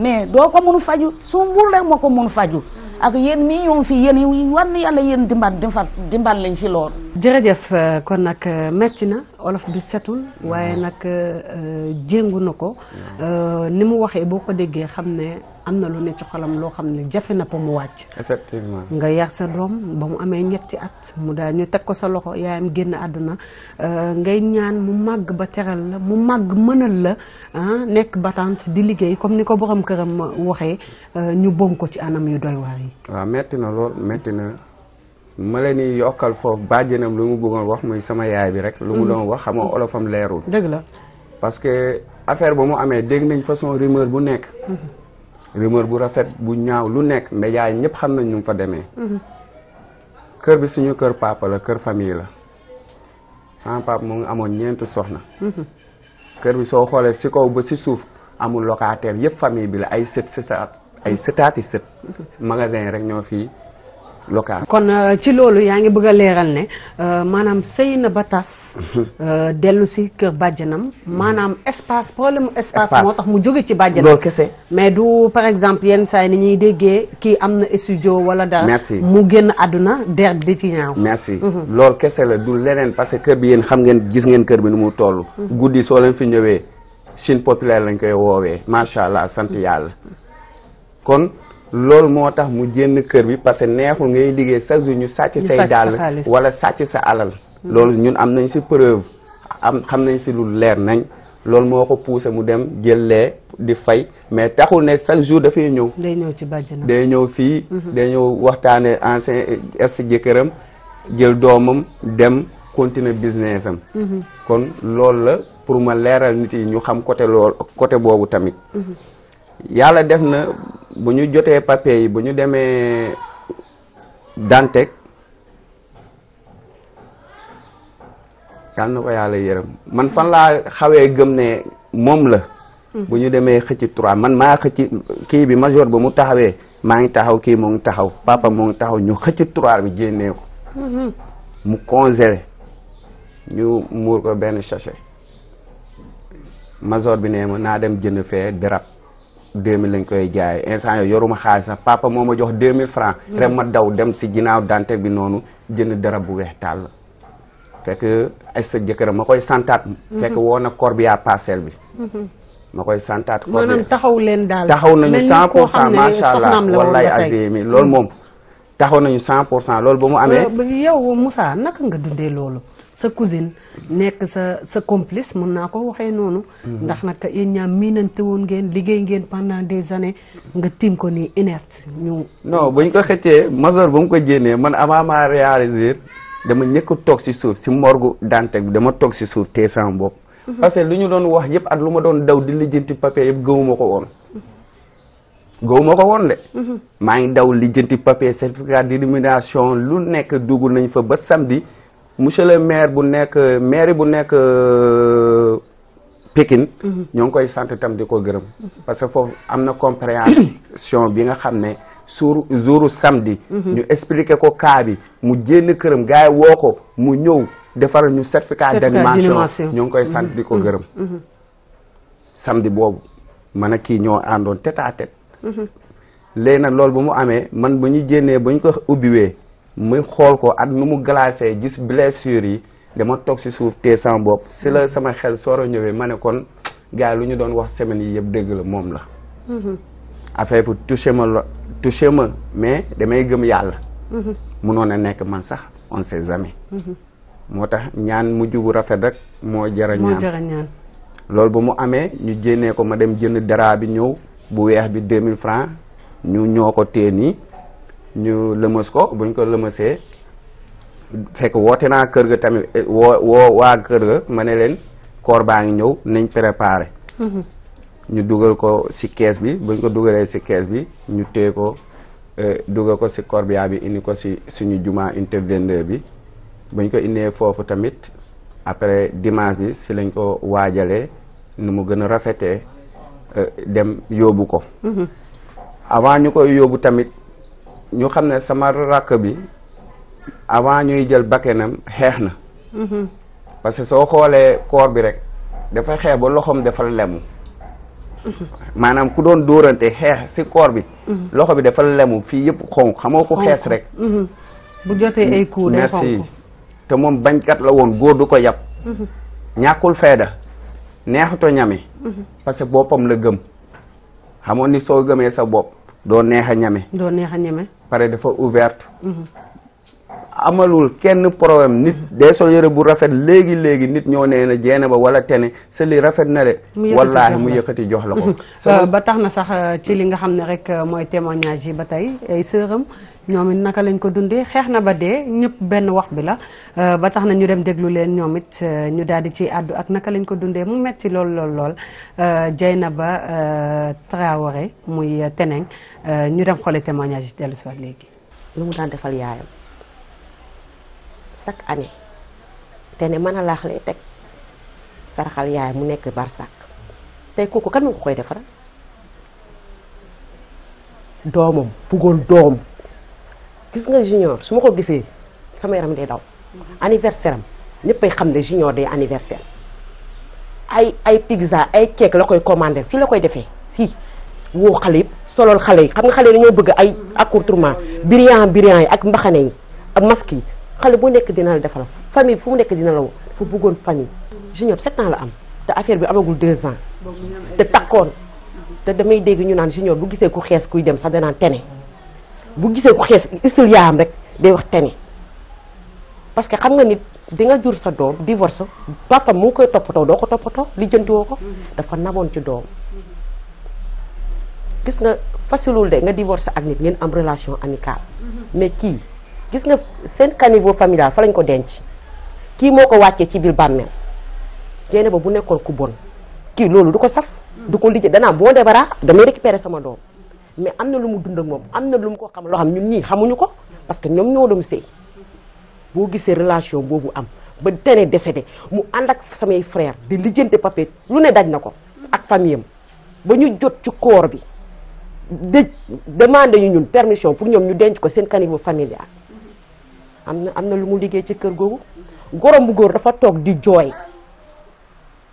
mais doo ko mun faju su mbur rek moo ko mun faju ak yéen mii ñoom fi yéen yi wan na yàlla yéen dimbal dimbal lañ ci loon jërëjëf euh, kon nag euh, metti na olof bi setul waaye mm. nag euh, jéngu na ko mm. ni mu waxee boo ko déggee xam ne. am na lu ne ci xolam loo xam ne jafe na ko mu wàcc. effectivement nga yar sa doom ba mu amee ñetti at mu daa ñu teg ko sa loxo yaayam génn àdduna euh, ngay ñaan mu màgg ba teral la mu màgg mënal la ah, nekk battante di liggéey comme ni ko borom këram waxee euh, ñu boom ko ci anam yu doy waar yi. waaw metti na lool metti na ma leen di yokkal foofu bàjjenam lu mu bëggoon wax muy sama yaay bi rek. lu mu mm-hmm. doon wax xam nga olofam leerul. dëgg la parce que affaire ba mu amee dégg nañ façon rumeur bu nekk. Mm-hmm. rumeur bu rafet bu ñaaw lu nekk médias yi ñëpp xam nañ nu mu fa demee. Mhm. kër bi suñu kër papa la kër famille la sama papa mu ngi amoon ñeenti soxna. Mhm. kër bi soo xoolee si kaw ba si suuf amul locataire yëpp famille bi la ay sët sëtaat ay sëtaati sët. Mhm. magasin rek ñoo fii local. kon euh, ci loolu yaa ngi bëgg a leeral ne euh, maanaam sëy na ba tas. Mhm. Euh, dellu si kër bàjjanam maanaam espace problème espace moo tax mu jóge ci bàjjanam. loolu kese mais du par exemple yenn saa ni ñuy déggee kii am na studio wala dara. mu génn àdduna der di ci ñaaw. merci mhm. loolu kese la du leneen parce que kër bi yéen xam ngeen gis ngeen kër bi nu mu toll. Mhm. guddi soo leen fi ñëwee Chine populaire lañ koy woowee macha allah sant yàlla kon. loolu moo tax mu génn kër bi parce que neexul ngay liggéey chaque jour ñu sàcc say dàll wala sàcc sa alal loolu ñun am nañ si preuve am xam nañ si lu leer nañ loolu moo ko poussé mu dem jëllee di fay mais taxul ne chaque jour dafay ñëw day ñëw ci bàjjanam day ñëw fii mhm. day ñëw waxtaane ancien si jëkkëram jël doomam dem continuer business am mhm. kon loolu la pour ma leeral nit yi ñu xam côté lool côté boobu tamit mhm. yàlla def na bu ñu jotee papier yi bu ñu demee Dantec yàlla na ko yàlla yërëm man fan laa xawee gëm ne moom la. bu ñu demee xëcc trois man maa xëcc kii bi major ba mu taxawee maa ngi taxaw kii moo ngi taxaw papa moo ngi taxaw ñu xëcc trois bi génnee ko. mu congelé ñu muur ko benn sachet. major bi nee ma naa dem jënd fee dérap. 2000 lañ koy jaayee instant yooyu yoruma xaalis sax papa moo ma jox 2000 francs mm. rek ma daw dem si ginnaaw dante bi noonu jënd dara bu weex tàll fekk ay sa jëkkëram ma koy santaat mm-hmm. fekk woo na corbia parcelle bi mm-hmm. ma koy santaat maanaam taxaw leen daal taxaw nañu cent pour cent macha allah wallaay azimi loolu moom taxaw nañu 100 pour cent loolu ba mu amee. yow Moussa naka nga dundee loolu sa cousine nekk sa sa complice mën naa ko waxee noonu. Mhm. ndax nag yéen ñaam miinante woon ngeen liggéey ngeen pendant des années nga tiim ko ni inerte ñu. ba buñ ko xëccee major ba mu ko jénnee man avant maa réaliser dama ñëkk toog si suuf si morgu Dantec bi dama toog si suuf te sama bopp. Mhm. que lu ñu doon wax yëpp ak lu ma doon daw di lijjanti papier yëpp gëmuma ko woon. goow moo ko woon de. Mhm. maa ngi daw lijjanti papier certificat d' élimination lu nekk dugg nañ fa ba samedi monsieur le maire bu nekk maire bu nekk Pikine. Mhm. ñoo ngi koy sant tam di ko gërëm. Mhm. parce que foofu am na compréhension bi nga xam ne suur jouru ñu expliqué ko kaabi mu jénn këram gaa yi woo ko mu ñëw defaral ñu certificat d' animation ñoo ngi koy sant di ko gërëm. samedi boobu man a kii ñoo àndoon tête à tête. léegi nag loolu bu mu amee man bu ñu jénnee bu ñu ko ubbiwee muy xool ko ak nu mu glacé gis blessure yi dama toog si suuf te sama bopp si la sama xel soor a ñëwee ma ne kon gaa yi lu ñu doon wax semaines yi yëpp dégg la moom la affaire pour touché ma lo touché ma mais damay gëm yàlla mënoon a nekk man sax on sait jamais moo tax ñaan mujj bu rafet rek moo jara ñaan loolu ba mu amee ñu jénnee ko ma dem jënd dara bi ñëw bu weex bi 2000 francs ñu ñoo ko téye nii ñu lëmës ko buñ ko lëmësee fekk woote naa kër ga tamit eh, woo woo waa kër ga ma ne leen koor baa ngi ñëw nañ préparé. Mhm. ñu dugal ko si kees bi buñ ko dugalee si kees bi ñu téye ko eh, dugal ko si corbia bi indi ko si suñu jumaa unité bi bañ ko indee foofu tamit après dimanche bi si lañ ko waajalee nu mu gën a rafetee. Euh, dem yóbbu ko mhm. avant ñu koy yóbbu tamit ñu xam ne sama rakk bi avant ñuy jël bakkenam xeex na mhm. parce que soo xoolee koor bi rek dafay xeex ba loxoom dafa lemu mhm. maanaam ku doon dóorante xeex si koor bi loxo bi dafa lemu fii yëpp xonq xamoo ko xees rek bu jotee ay coups merci te moom bañkat la woon góor du ko yàpp ñàkkul fayda neexuto ñame mhm. parce que boppam la gëm xamoon ni soo gëmee sa bopp doo neex a ñame doo neex a ñame pare dafa ouverte mhm. amalul kenn problème nit day sol yére bu rafet léegi léegi nit ñoo nee na jeene ba wala tene sa li rafet na de wallaahi mu yëkkati jox la ko mhm. euh, ba tax na sax euh, ci li nga xam ne rek euh, mooy témoignage yi ba tey ay sëram ñoom it naka lañ ko dundee xeex na ba dee ñëpp benn wax bi la euh, ba tax na ñu dem déglu leen ñoom it euh, ñu daal di ci àddu ak naka lañ ko dundee mu metti lool lool ba euh, Dieynaba Traoré muy teneng ñu dem xoole témoignage yi dellu léegi lu mu daan defal yaayam chaque année te ne mën a laax lay teg saraxal yaayam mu nekk barsak tey kooku kan mu ko koy defara doomam bëggoon doom gis nga junior su ma ko gisee sama yaram day daw anniversaire am ñëppay xam ne junior day anniversaire ay ay pizza ay ceek la koy commander fii la koy defee fii woo xale yëpp solool xale yi xam nga xale yi dañoo bëgg ay accoutrement brillant brillant yi ak mbaxane yi ak masque yi xale bu nekk dina la defal famille fu mu nekk dina la woo fu buggoon famille junior sept ans la am te affaire bi amagul deux ans te takkoon te damay dégg ñu naan junior bu gisee ku xees kuy dem sax danaan tene bu gisee ko xees style yaayam rek day wax tene parce que xam nga nit di nga jur sa doom divorce papa mu ngi koy toppatoo doo ko toppatoo lijjantiwoo ko dafa namoon ci doom gis nga fasilul de nga divorce ak nit ngeen am relation amicale mais kii gis nga seen caniveau familial fa lañ ko denc kii moo ko wàccee ci biir bàmmeel jeene ba bu nekkoon ku bon kii loolu du ko saf du ko lijjë danaa boo débara damay récupérer sama doom mais am na lu mu dund moom am na lu mu ko xam loo xam ñun nii xamuñu ko parce que ñoom ñoo doon sëy boo gisee relation boobu am ba tene décédé mu ànd ak samay frère di lijjante papier lu ne daj na ko ak famille am ba ñu jot ci koor bi de yu ñun permission pour ñoom ñu denc ko seen caniveau familial am na am na lu mu liggéey ci kër googu gorom bu góor dafa toog di jooy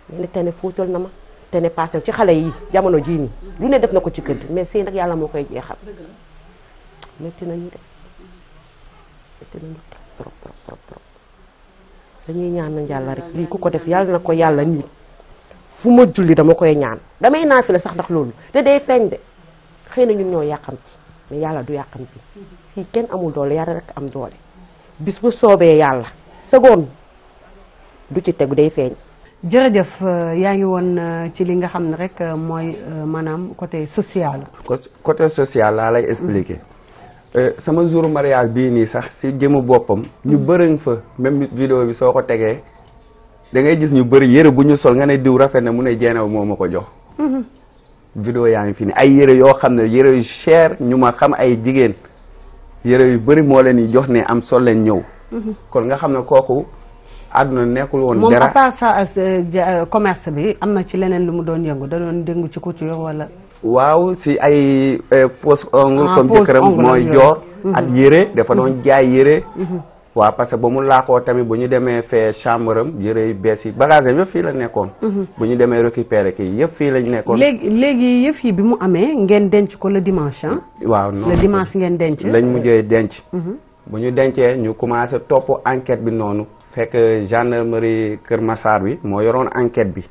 ne tene fóotal na ma te ne passé ci xale yi jamono jii nii lu ne def na ko ci kër gi mais sëy nag yàlla moo koy jeexal métti nañu de métti nañu trop trop trop trop dañuy ñaan na yàlla rek lii ku ko def yàlla na ko yàlla nii fu ma julli dama koy ñaan damay naafila sax ndax loolu te day feeñ de xëy nañu ñoo yàqamti mais yàlla du yàqamti fii kenn amul doole yàlla rek am doole bis bu soobee yàlla seconde du ci tegu day feeñ jërëjëf euh, yaa ngi woon euh, ci li nga xam ne rek euh, mooy maanaam côté social. côté social laa lay expliquer mm-hmm. sama jour mariage bii nii sax si jëmu boppam. ñu mm-hmm. bëriñ fa même vidéo bi soo ko tegee da ngay gis ñu bëri yére bu ñu sol nga ne diw rafet na mu ne jeenew moo ma ko jox. Mm-hmm. vidéo yaa ngi fi ni ay yére yoo xam ne yére yu cher ñu ma xam ay jigéen yére yu bëri moo leen di jox ne am sol leen ñëw. kon nga xam ne kooku. àdduna nekkul woon. dara moom à part euh, euh, commerce bi am na ci leneen lu mu doon yëngu da doon dëngu ci couture wala. waaw si ay euh, pose ongle ah, comme jëkkëram mooy joor mhm. ak yëre dafa doon mhm. jaay yëre mhm. waaw parce que ba mu laaxoo tamit bu ñu demee fee chambre am yére yu bees yi bagage yëpp fii la nekkoon bu ñu demee récupérer kii yëpp fii lañ nekkoon léegi léegi yëf yi bi mu amee ngeen denc ko le dimanche waaw non le ngeen denc lañ mujjee denc bu ñu dencee ñu commencé topp enquête bi noonu fekk gendarmerie Kër Massar bi moo yoroon enquête bi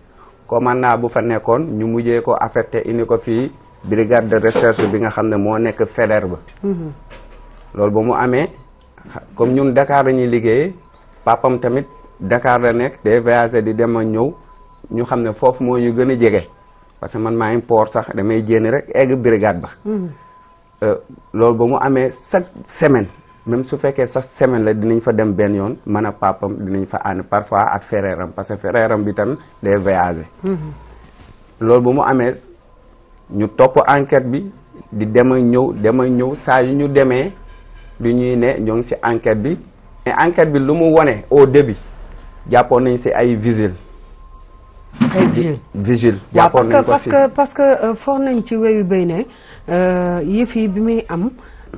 commandant bu fa nekkoon ñu mujjee ko affecté indi ko fii brigade de recherche bi nga xam ne moo nekk fédère ba mhm. loolu ba mu amee comme ñun Dakar la ñuy liggéeyee tamit Dakar la nekk day voyager di dem ak ñëw ñu xam ne foofu moo ñu gën a jege parce que man maa ngi sax damay jénn rek egg brigade ba mhm. euh, ba mu amee chaque semaine même su fekkee sax semaine la dinañ fa dem benn yoon man a papam dinañ fa ànd parfois ak fereeram parce que fereeram bi tam day voyager mhm. loolu bu mu amee ñu topp enquête bi di dem ñëw dem ñëw saa yu ñu demee lu ñuy ne ñoo ngi ci enquête bi mais bi lu mu wone au début jàppoon nañ si ay vigile ay vigile jàppoon nañ ko ci parce que parce euh, nañ ci weyu béy ne euh, yëf yi bi muy am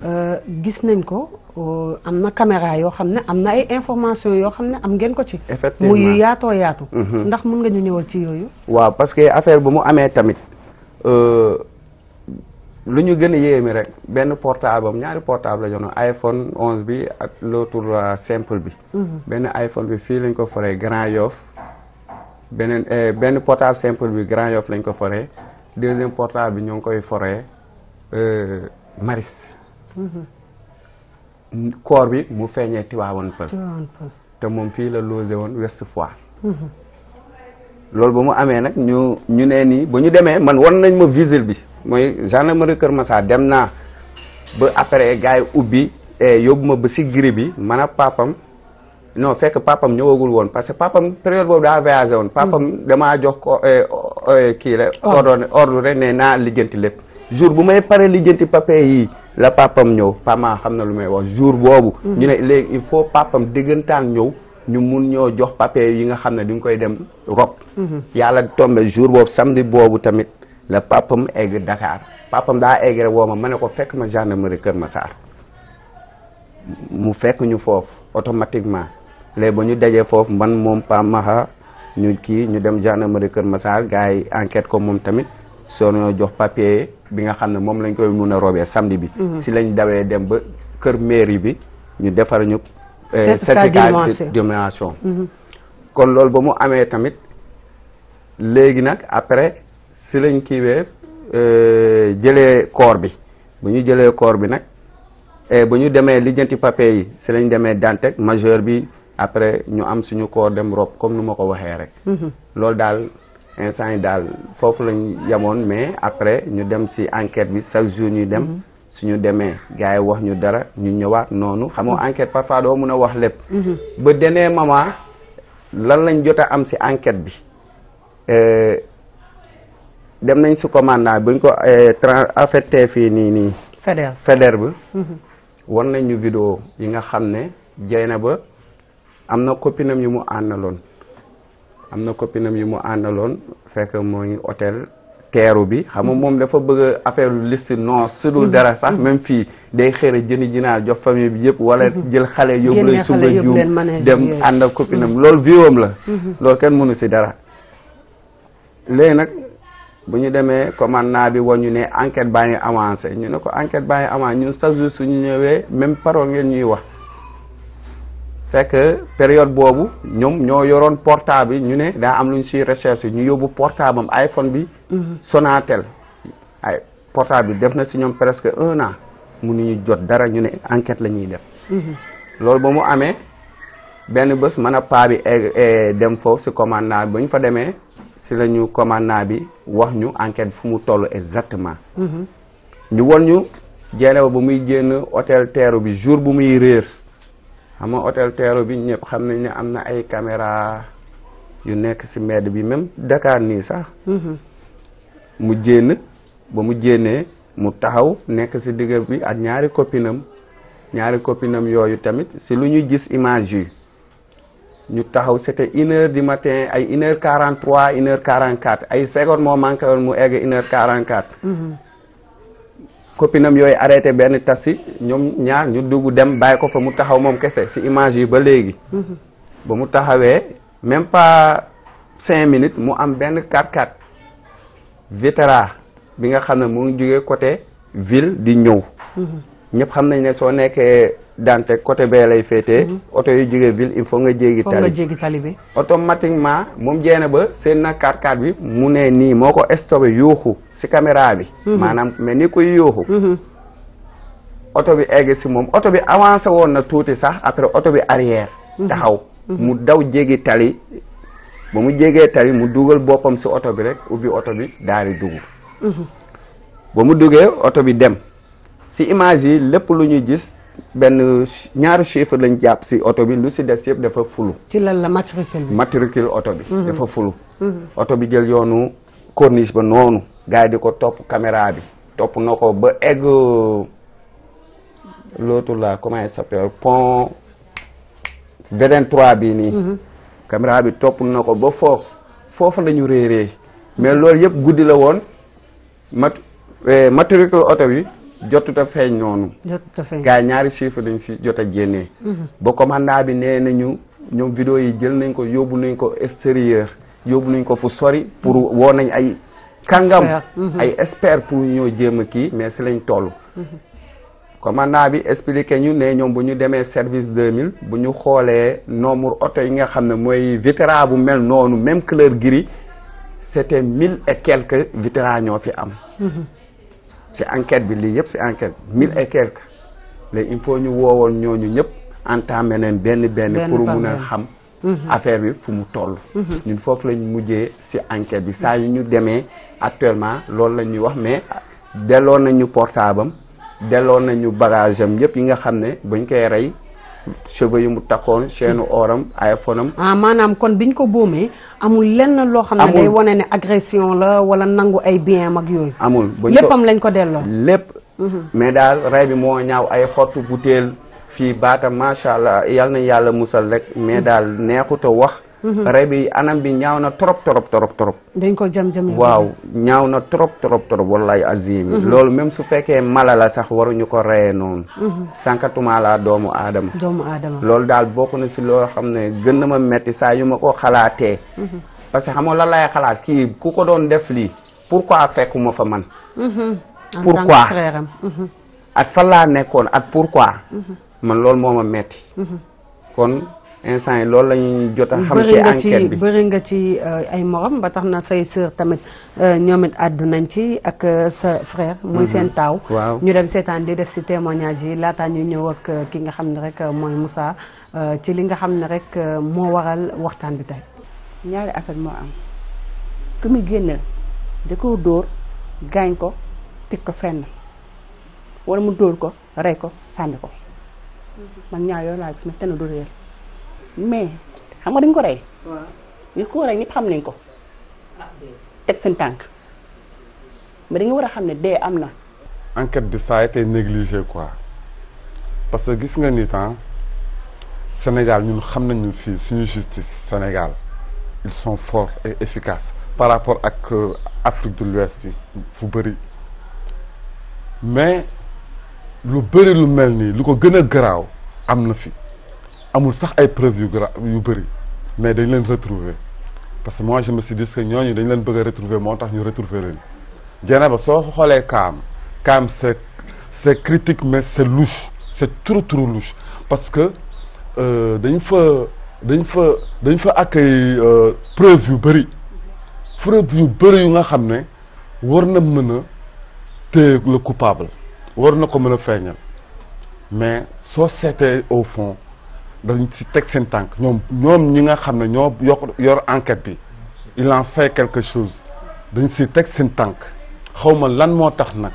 Euh, gis nañ ko euh, am na caméra yoo xam ne am na ay information yoo xam ne am ngeen ko ci effectivement muy yaatoo yaatu mhm. ndax mun nga ñu ñëwal ci yooyu waaw parce que affaire bu mu amee tamit euh, lu ñu gën a yéeme rek benn portable ñaari portable la jono iPhone onze bi ak l'autre simple bi mhm. benn iPhone bi fii lañ ko foree Grand Yoff beneen eh, benn portable simple bi Grand Yoff lañ ko foree deuxième portable bi ñoo ngi koy foree Maris koor bi mu feeñee Tiwaawan Pël te moom fii la logé woon Ouest Foire mhm. loolu ba mu amee nag ñu ñu nee nii ba ñu demee man wan nañ ma visile bi mooy gendarmerie Kër Massar dem naa ba après gars yi ubbi yóbbu ma ba si giri bi man a papam non fekk papam ñëwagul woon parce que papam période boobu daa voyagé woon papam mhm. damaa jox ko eh, eh, kii la ne naa lijjanti lépp jour bu may pare lijjanti papier yi la papam ñëw pama xam na lu may wax jour boobu. Mm. ñu ne il faut papam dëggantaan ñëw ñu mun ñëw jox papier yi nga xam ne dinga koy dem rob. Mm-hmm. yàlla tombe jour boobu samedi boobu tamit la papam egg Dakar papam daa egg rek woo ma ma ne ko fekk ma gendarmerie Kër Massar mu fekk ñu foofu automatiquement léegi ba ñu dajee foofu man moom Pamaha ñu kii ñu dem gendarmerie Kër Massar gars yi enquête ko moom tamit. soo ñoo jox papier bi nga xam ne moom lañ koy mun a robee samdi bi. Mhm. si lañ dawee dem ba kër mairie bi ñu defar ñu. Euh, certificat de mhm. kon loolu ba mu amee tamit léegi nag après si lañ kiiwee euh, jëlee koor bi bu ñu jëlee corps bi nag bu ñu demee lijjanti papier yi si lañ demee danteek majeur bi après ñu am suñu corps dem rob comme nu ma ko waxee rek. Mhm. loolu daal. instant yi daal foofu lañu yemoon mais après ñu dem si enquête bi chaque jour ñuy dem. Mhm. suñu demee gars yi wax ñu dara ñu ñëwaat noonu xam nga mhm. enquête parfois doo mun a wax lépp. Mhm. ba denee maman lan lañ jot a am si enquête bi. Euh, dem nañ si commandant buñ ko euh, trans affecté fii nii nii. fédère fédère bi. war nañ ñu vidéo yi nga xam ne jay na ba am na copinam yu mu àndaloon. am na copinam yu mu àndaloon fekk mooy hôtel teeru bi xam moom dafa bëgg affaire liste non sudul mm-hmm. dara sax même fii day xëra jëni jinaa jox famille bi yëpp wala mm-hmm. jël xale yóbbu lay sumba juum dem ànd ak copinam mm-hmm. lool viwam la loolu kenn mënu si dara léegi nag bu ñu demee naa bi woon ñu ne enquête baa ngi avancé ñu ne ko enquête baa ngi avancé ñun chaque jour suñu ñëwee même parole ngeen ñuy wax fekk période boobu ñoom ñoo yoroon portable yi ñu ne daa am lu ñu si recherche ñu yóbbu portable am iPhone bi. Sonatel ay bi def na si ñoom presque un an mënuñu jot dara ñu ne enquête la ñuy def. loolu ba mu amee benn bës mën a paa bi e, dem foofu si commandant bi ba ñu fa demee si la ñu commandant bi wax ñu enquête fu mu toll exactement. Mhm. ñu won ñu Dieynaba ba muy génn hôtel teeru bi jour bu muy réer. xam nga hôtel teeru bi ñëpp xam nañ ne am na ay caméra yu nekk si mbedd bi même Dakar nii sax mhm. mu jénn ba mu jénnee mu taxaw nekk ci digg bi ak ñaari copinam ñaari copinam yooyu tamit si lu ñu gis image yi ñu taxaw c'était une di du matin ay une heure quarante trois une quarante quatre ay seconde moo manqué mu egg une heure quarante quatre mhm. copinam yooyu arrêté benn taxi ñoom ñaar ñu dugg dem bàyyi ko fa mu taxaw moom kese si image yi ba léegi ba mu taxawee même pas cinq minutes mu am benn 4x4 bi nga xam ne mu ngi jógee côté ville di ñëw ñëpp xam nañ ne soo nekkee dante côté bee lay féete mhm. oto yu jógee ville il faut nga jéegi tali nga jéegi tali bi. automatiquement moom jeene ba seen na 4x4 bi mu ne nii moo ko stoppé yuuxu si caméra bi. Mhm. maanaam mais ni koy yuuxu. Mhm. oto bi egg si moom oto bi avancé woon na tuuti sax après oto bi arrière. taxaw mu daw jéegi tali ba mu jégee tali mu dugal boppam si oto bi rek ubbi oto bi daal di dugg. ba mu duggee oto bi dem. si image yi lépp lu ñu gis benn ñaar chiffre lañ jàpp si oto bi lu si des yëpp dafa fulu. ci lan la matricule bi oto bi. Mhm. dafa fulu. Mhm. oto bi jël yoonu corniche ba noonu. gars di ko topp caméra bi. topp na ko ba egg l'autre la comment il s'appelle pont 23 bi nii. Mhm. caméra bi topp na ko ba foofu foofu la ñu réeree mais loolu yëpp guddi la woon mat eh, matricule oto bi. jotuta feeñ noonu. jotuta feeñ gars ñaari chiffre dañ si jot a génnee. Mhm. ba commandant bi nee nañu ñoom vidéo yi jël nañ ko yóbbu nañ ko extérieur yóbbu nañ ko fu sori. pour mhm. woo nañ ay. kàngam mhm. ay expert pour ñoo jéem a kii mais si lañ toll. commandant bi expliqué ñu ne ñoom bu ñu demee service mille bu ñu xoolee nombre oto yi nga xam ne mooy Vitara bu mel noonu même couleur gris c'était mille et quelque Vitara ñoo fi am. si enquête bi lii yëpp ci enquête mille et quelques léegi il faut ñu woowoon ñooñu ñëpp entamé nañ benn benn pour mun a xam mhm. affaire bi fu mu tollu mhm. ñun foofu lañu mujjee si enquête bi saa yu ñu demee actuellement loolu la ñuy wax mais delloo nañu portable am delloo nañu bagage am yëpp yi nga xam ne buñ koy rey cheveux yu mu takkoon chaîne oram iPhone am. ah maanaam kon biñ ko boomee amul lenn loo xam ne day wane ne agression la wala nangu ay bien ak yooyu. amul bañ léppam lañ ko delloo. lépp. Mhm. mais daal rey bi moo ñaaw ay xottu butéel fii baata macha allah yal na yàlla musal rek mais mhm. daal neexut a wax. Mm-hmm. rey bi anam bi ñaaw na trop trop trop trop. dañ ko jam jam waaw ñaaw na trop trop trop wallahi azim. Mm-hmm. loolu même su fekkee mala la sax ñu ko reyee noonu. Mm-hmm. sànkatuma laa doomu aadama. doomu loolu daal bokk na si loo xam ne gën na ma metti saa yu ma ko xalaatee. parce que xam nga lan xalaat kii ku ko doon def lii pourquoi fekkuma fa man. pourquoi at fan nekkoon at pourquoi. man loolu moom ma metti kon. instant yi loolu la jot a xam ci enquête bi nga ci euh, ay morom ba tax na say sœur tamit euh, ñoom it ci ak euh, sa frère muy mhm. seen taaw ñu dem seetaan di des ci témoignage yi laataa ñu ñëw ak ki nga xam ne rek mooy Moussa ci li nga xam ne rek moo waral waxtaan bi tey ñaari affaire moo am ku muy génneel da koo dóor gaañ ko teg ko fenn wala mu dóor ko rey ko sànni ko man ñaar yooyu laa gis ma tenn du réer mais xam nga dañ ko rey. waaw ko xam nañ ko. teg seen tànk mais da nga war a xam ne dee am na. enquête bi ça a été négligé quoi parce que gis nga ni temps Sénégal ñun xam nañu fii suñu justice Sénégal ils sont forts et efficaces par rapport ak euh, Afrique de l'Ouest bi fu bëri mais lu bëri lu mel nii lu ko gën a garaaw am na fi. amul sax ay preuves yu gra yu bëri mais dañ leen retrouver parce que moi je si suis dit que ñooñu dañ leen bëgg a moo tax ñu retrouver leen Dieynaba soo xoolee Kaam Kaam c'est critique mais c'est louche c'est trop trop louche parce que euh, dañ fa dañ fa dañ fa accueil euh, preuve yu bëri preuve yu bëri yu nga xam ne war na mën a le coupable war na ko mën a feeñal mais soo seetee au fond dañ si teg seen tànk ñoom ñoom ñi nga xam ne ñoo yokk yor enquête bi il en fait quelque chose dañ si teg seen tànk ma lan moo tax nag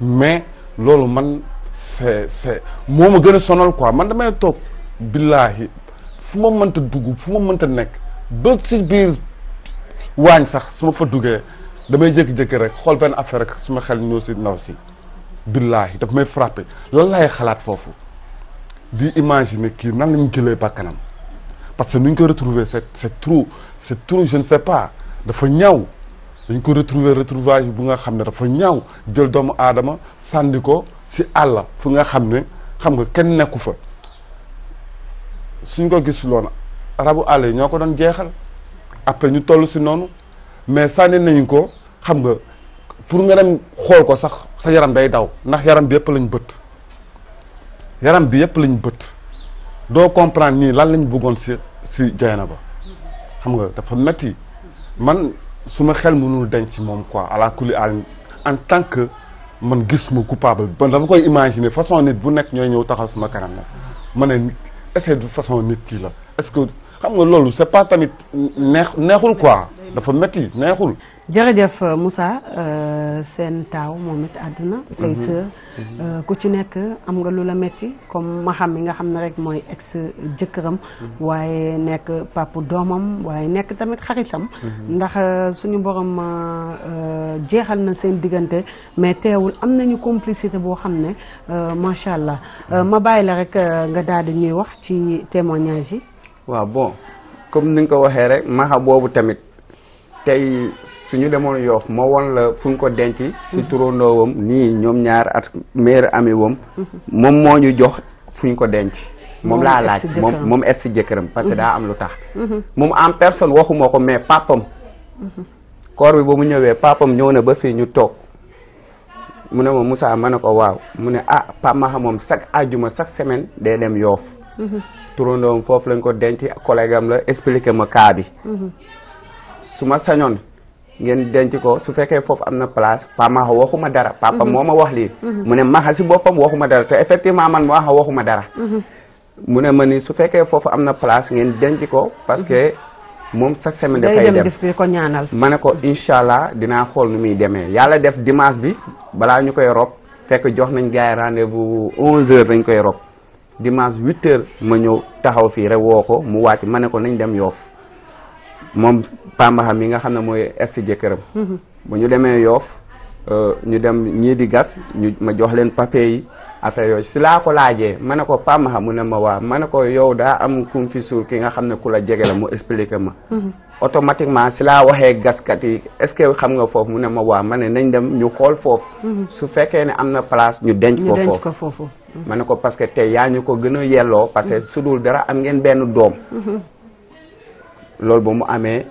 mais loolu man c'est c'est moo ma gën a sonal quoi man damay toog billaahi fu ma mënta dugg fu ma mënta nekk ba si biir waañ sax su ma fa duggee damay jékki-jékki rek xool benn affaire rek su ma xel ñoo si ndaw si billaahi daf may frappé loolu laay xalaat foofu di imaginer kii nan la ñu jëlee bakkanam parce que nu ñu ko retrouver c'est c'est trop c'est trop je ne pas dafa ñaaw dañ ko retrouver retrouvaille bu nga xam ne dafa ñaaw jël doomu aadama sànni ko si àll fu nga xam ne xam nga kenn nekku fa suñ ko gis loon rabu àll yi ñoo ko doon jeexal a ñu toll si noonu mais sànni nañu ko xam nga pour nga dem xool ko sax sa yaram day daw ndax yaram bi yëpp lañ bët yaram bi yëpp lañ bët doo comprendre nii lan lañ bëggoon si si ba xam nga dafa metti man suma ma xel mënul denc si moom quoi à la kulli àll en tant que man gis ma coupable ba dama koy imaginer façon nit bu nekk ñooy ñëw taxaw suma kanam nag ma ne est-ce façon nit kii la est que xam nga loolu c'est pas tamit neex neexul quoi. dafa métti neexul. jërëjëf euh, Moussa euh, seen taaw moom it àdduna. Mhm. say sœur mhm. euh, ku ci nekk am nga lu la métti comme ma xam mi nga xam ne rek mooy ex jëkkëram. Mhm. waaye nekk papu doomam waaye nekk tamit xaritam. ndax suñu borom jeexal na seen diggante mais teewul am nañu complicité boo xam ne macha allah ma bàyyi la rek nga daal di ñuy wax ci témoignage yi. waaw bon comme ni nga ko waxee rek maxa boobu tamit. tey suñu demoon yoof ma woon la fu ñu ko denc si mhm. turandoowam nii ñoom ñaar at meilleur ami wam mhm. moom moo ñu jox fu ñu ko denc moom laa laaj moom moom es si jëkkëram parce que mhm. daa am lu tax en personne waxuma ko mais papam bi ba ñëwee papam ñëw na ba fii ñu toog mu ne ma Moussa ma ne ko waaw mu ne ah Pape Maha moom chaque àjjuma chaque semaine day dem foofu lañ ko denc collègue am la expliqué ma kaa bi su ma sañoon ngeen denc ko su fekkee foofu am na place Pa Maha waxuma dara. papa mhm. moo ma wax lii. Mhm. mu ne Maha si boppam waxuma dara te effectivement man Maha waxuma dara. Mhm. mu ne ma ni su fekkee foofu am na place ngeen denc ko parce que. moom chaque semaine dafay dem def ko ñaanal. ma ne ko incha allah dinaa xool nu muy demee yàlla def dimanche bi balaa ñu koy rob fekk jox nañ gars yi rendez-vous 11 dañ koy rob dimanche 8h ma ñëw taxaw fii rek woo ko mu wàcc ma ne ko nañ dem yoof moom pambaxam yi nga xam ne mooy est jëkkëram bu ñu demee yoof euh, ñu dem ñii di gas ñu ma jox leen papier yi affaire yooyu si laa ko laajee ma ne ko pambaxam mu ne ma waa ma ne ko yow daa am kum ki nga xam ne ku la jege la mu expliqué ma automatiquement laa waxee gaskat yi est-ce que xam nga foofu mu ne ma waa ma nañ dem ñu xool foofu mhm. su fekkee ne am na place ñu denc ko foofu ma ne ko parce que tey yaa ñu ko gën a yelloo parce que mhm. su dul dara am ngeen benn doom mhm. loolu ba mu amee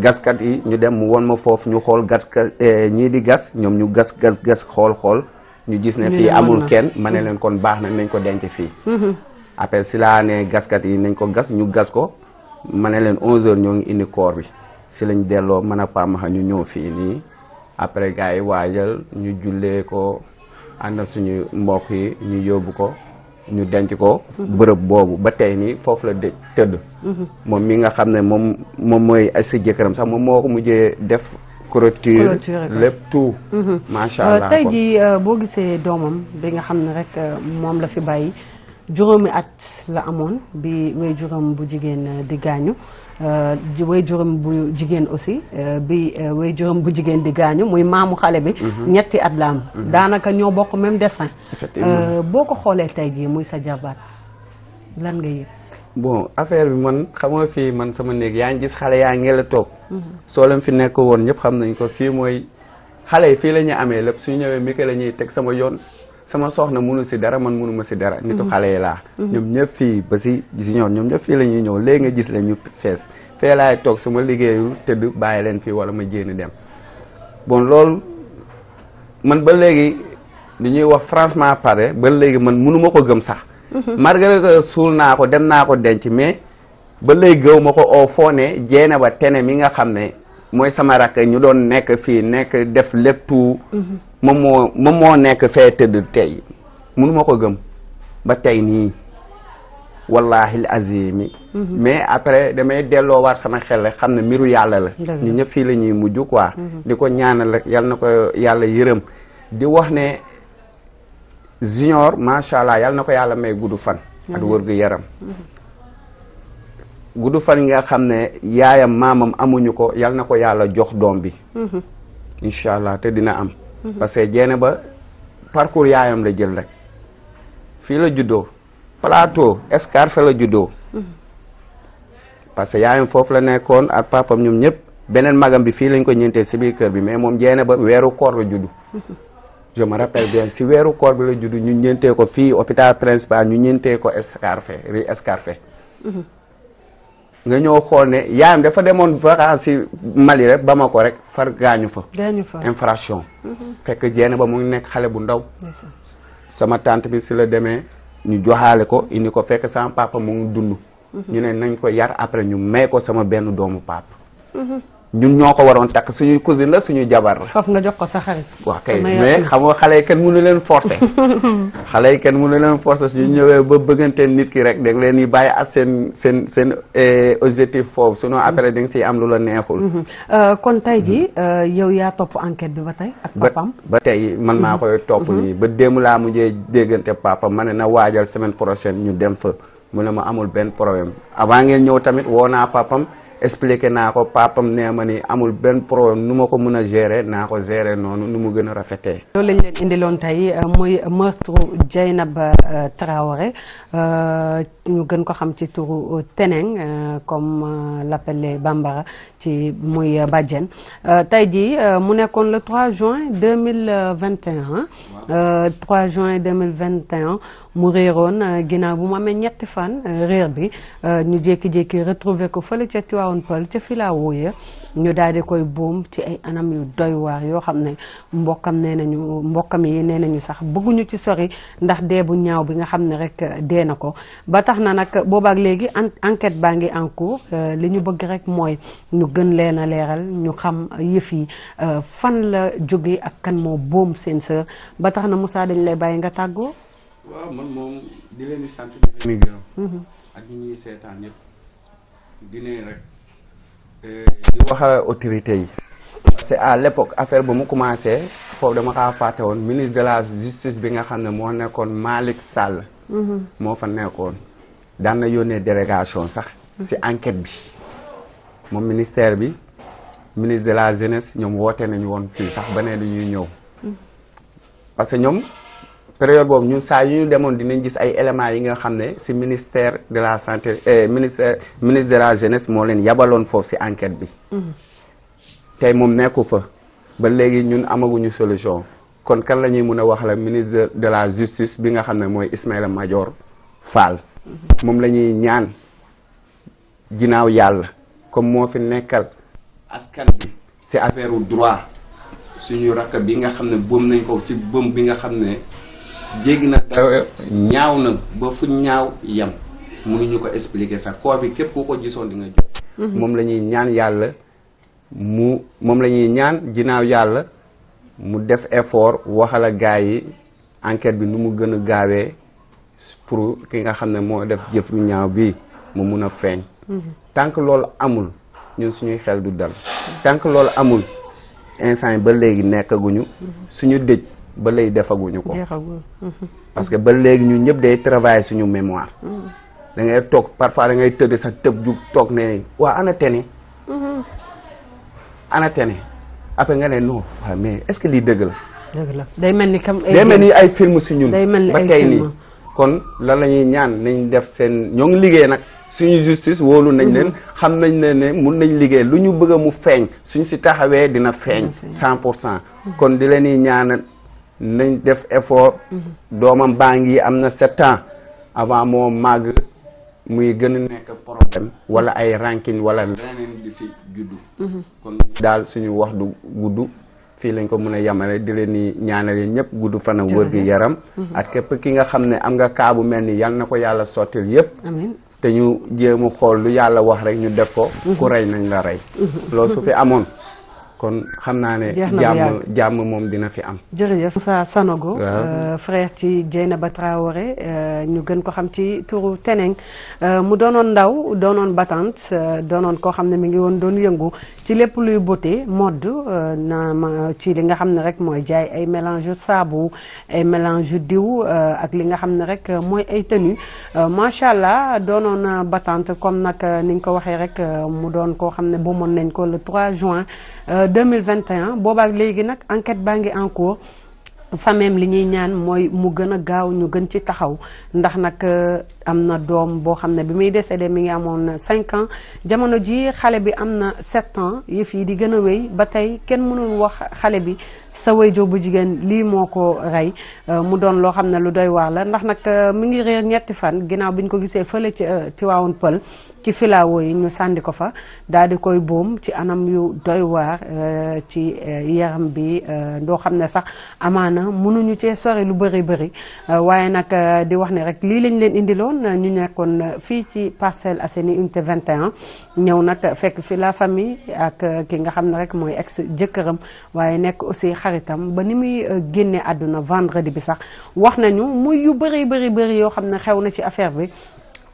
gaskat yi ñu dem mu won ma foofu ñu xool gas eh, ñii di gas ñoom ñu gas gas gas xool xool ñu gis ne fii amul kenn ma ne leen kon baax na nañ ko denc fii mm-hmm. après si laa ne gaskat yi nañ ko gas ñu gas ko ma ne leen onze heures ñoo ngi indi koor bi si lañ delloo mën a pamaxa ñu ñëw fii nii après gars yi waajal ñu jullee ko ànd suñu mbokk yi ñu yóbbu ko ñu denc ko bërëb boobu ba tey nii foofu la de tëdd moom mi nga xam ne moom moom mooy sa jëkkëram sax moom moo ko mujjee def clôture lépp tout mhm. macha euh, allah tey jii euh, boo gisee doomam bi nga xam ne rek euh, moom la fi bàyyi juróomi at la amoon bi way juróom bu jigéen di gaañu Euh, way juróom bu jigéen aussi euh, bi euh, way juróom bu jigéen di gaañu muy maamu xale bi mhm. ñetti at la am mhm. daanaka ñoo bokk même destin boo ko xoolee tey jii muy sa jabaat lan nga yëg bon affaire bi man xam nga fii man sama néeg yaa ngi gis xale yaa ngi la toog mhm. soo leen fi nekk woon ñëpp xam nañ ko fii mooy xale yi fii la ñu amee lépp suñu ñëwee mi la ñuy teg sama yoon sama soxna mënu si dara man mënuma si dara nitu mhm. xale yi laa mhm. ñoom ñëpp fii ba si si ñoom ñëpp fii la ñuy ñëw léegi nga gis la ñu fees fee laay toog su ma liggéeyul tëdd bàyyi leen fii wala ma jéem dem bon loolu man ba léegi li ñuy wax franchement parler ba léegi man mënuma ko gëm sax mhm. malgré que suul naa ko dem naa ko denc mais ba léegi gëwuma ko oo foo ne jeene ba tene mi nga xam ne mooy sama rakk ñu doon nekk fii nekk def lépp tout moom moo moom moo nekk fee tëdd tey mënuma ko gëm ba tey nii wallahi azimi mhm. mais après damay delloo waar sama xel la xam ne mbiru yàlla la ñu ñëpp fii la ñuy mujj quoi mhm. di ko ñaanal rek na ko yàlla yërëm di wax ne junior macha allah yal na ko yàlla may gudd fan ak wërgu yaram mhm. gudd fan nga xam ne yaayam maamam amuñu ko yal na ko yàlla jox doom bi incha allah te dina am Mhm. parce que jeene ba parcours yaayam la jël rek fii la juddoo plateau Escarfe la juddoo mhm. parce que yaayam foofu la nekkoon ak papam ñoom ñëpp beneen magam bi fii lañ ko ñeentee si biir kër bi mais moom jeene ba weeru koor la juddu mhm. je me rappelle bien si weeru koor bi la juddu ñu ñeentee ko fii hôpital principal ñu ñeentee ko Escarfe rue Escarfe nga ñëw xool ne yaayam dafa demoon vacances si Mali rek ba ma ko rek far gaañu fa. gaañu fa infraction. Mhm. fekk jeene ba mu nekk xale bu ndaw. sama tànt bi si la demee ñu joxaale ko indi ko fekk sama papa mu dund. Mhm. ñu ne nañ ko yar après ñu may ko sama benn doomu papa. Mhm. ñun ñoo ko waroon takk suñuy cousine la suñuy jabar la. foofu nga jox ko sa xarit. waaw kay mais xam nga xale yi kenn mënu leen forcer. xale yi kenn mënu leen forcer suñu ñëwee ba bëgganteen nit ki rek da leen di bàyyi ak seen seen seen eh, objectif foofu sinon après di nga siy am lu la neexul. Mhm. Euh, kon tey jii mhm. euh, yow yaa topp enquête bi ba tey ak papam ba tey man maa mhm. koy topp nii ba démb laa mujjee déggante papa ma ne na waajal semaine prochaine ñu dem fa mu ne ma amul benn problème avant ngeen ñëw expliqué naa ko papam nee ma ni amul benn problème nu ma ko mën a gérer naa ko gérer noonu nu mu gën a rafetee. loolu lañ leen indiloon tey euh, muy meurtre Dieynaba euh, Traoré euh, ñu gën ko xam ci turu Teneng comme l'appelle Bambara ci muy Badiane tey jii mu nekkoon le 3 juin 2021. 3 juin 2021 mu réeroon euh, ginaaw bu mu amee ñetti fan euh, réer bi euh, ñu jékki-jékki retrouvé ko fële ca Tivaouane Peulh ca Filao ya ñu daal koy boom ci ay anam yu doy waar yoo xam ne mbokkam nee nañu mbokkam yi nee nañu sax bëgguñu ci sori ndax dee bu ñaaw bi nga xam ne rek dee na ko ba tax na nag boobaak léegi enquête baa ngi en cours li ñu bëgg rek mooy ñu gën leen a leeral ñu xam yëf yi fan la jóge ak kan moo boom seen sër ba tax na Moussa dañ lay bàyyi nga tàggoo waaw man moom di leen di sant di mm-hmm. ak ñu seetaan ñëpp di ne rek eh, autorité yi c'est à l'époque affaire ba mu commencé foofu dama kaa fàtte woon ministre de la justice bi nga xam ne moo nekkoon Malick Sall mm-hmm. moo fa nekkoon daan na yónnee délégation sax si mm-hmm. enquête bi moom ministère bi ministre de la jeunesse ñoom woote nañu woon fii sax ba ne dañuy ñëw parce ñoom période boobu ñun saa yu ñu demoon dinañ gis ay éléments yi nga xam ne si ministère de la santé eh, ministère ministre de la jeunesse moo leen yabaloon foofu si enquête bi. tey moom nekku fa ba léegi ñun amaguñu solution kon kan la ñuy mun a wax la ministre de la justice bi nga xam ne mooy Ismaïla Madior Fall. moom la ñuy ñaan ginnaaw yàlla comme moo fi nekkal askan bi si affaire droit suñu rakk bi nga xam ne bëm nañ ko ci bëm bi nga xam ne. jéggi na ñaaw na ba fu ñaaw yem ñu ko expliquer sax koo bi képp ku ko gisoon di nga jóg mhm. moom la ñuy ñaan yàlla mu moom la ñuy ñaan ginnaaw yàlla mu def effort waxala gaay yi enquête bi nu mu gën a gaawee pour ki nga xam ne moo def jëf lu ñaaw bi mu mun a feeñ mhm. tant que loolu amul ñun suñuy xel du dal tant que amul instant ba léegi nekkaguñu mhm. suñu dëj ba lay defaguñu ko parce que ba léegi ñun ñëpp day travailler suñu mémoire da ngay toog parfois da ngay tëdd sa tëb jug toog ne waa ana tene ana après nga ne non waaw mais est-ce que lii dëgg la dëgg la day mel ni kam day mel ni ay film si ñun ba tey nii kon lan la ñuy ñaan nañ def seen ñoo ngi liggéey nag suñu justice woolu nañ leen mhm. xam nañ ne ne mun nañ liggéey lu ñu bëgg a mu feeñ suñ si taxawee dina feeñ cent pour cent kon di leen ñaanal nañ def effort doomam baa ngi am na sept ans avant moo màgg muy gën a nekk problème wala ay rancune walla kon daal suñu wax du gudd fii lañ ko mën a yemale di leen ni ñaanal yéen ñëpp gudd fan a wër gi yaram mm-hmm. ak képp ki nga xam ne am nga kaabu mel ni yal na ko yàlla sottil yëpp te ñu jéem a xool lu yàlla wax rek ñu def ko mm-hmm. ku rey nañ la rey mm-hmm. loolu su fi amoon kon xam naa ne jàmm jàmm moom dina fi am jërëjëf Moussa Sanogo euh, frère ci Dieynaba Traoré euh, ñu gën ko xam ci turu Teneng euh, mu doonoon ndaw doonoon battante doonoon koo xam ne mi ngi woon doon yëngu ci lépp luy beauté mode na ci li nga xam ne rek mooy jaay ay mélange saabu ay mélange diw ak li nga xam ne rek mooy ay tenue macha allah doonoon battante comme nag ni nga ko waxee rek mu doon koo xam ne ba moon nañ ko le 3 juin 2021 boobaak léegi nag enquête baa ngi en cours li ñuy ñaan mooy mu gën a gaaw ñu gën ci taxaw ndax nag euh, am na doom boo xam ne bi muy desee de mi ngi amoon 5 ans jamono ji xale bi am na 7 ans yëf yi di gën a wéy ba tey kenn mënul wax xale bi sa wayjur bu jigéen lii moo ko rey euh, mu doon loo xam ne lu doy waar la ndax nag euh, mi ngi réer ñetti fan ginnaaw bi ñu ko gisee fële ci euh, Tiwaawoon Pël ci filaawo yi ñu sànni ko fa daal di koy boom ci anam yu doy waar ci yaram bi doo xam ne sax amaana mënuñu cee sori lu bëri bëri waaye nag di wax ne rek lii lañ leen indiloon ñu nekkoon fii ci Parcelles Assainies unité 21 ñëw nag fekk fi la famille ak ki nga xam ne rek mooy ex jëkkëram waaye nekk aussi xaritam ba ni muy euh, génne àdduna vendredi bi sax wax nañu muy yu bëri bëri bëri yoo xam ne xew na ci affaire bi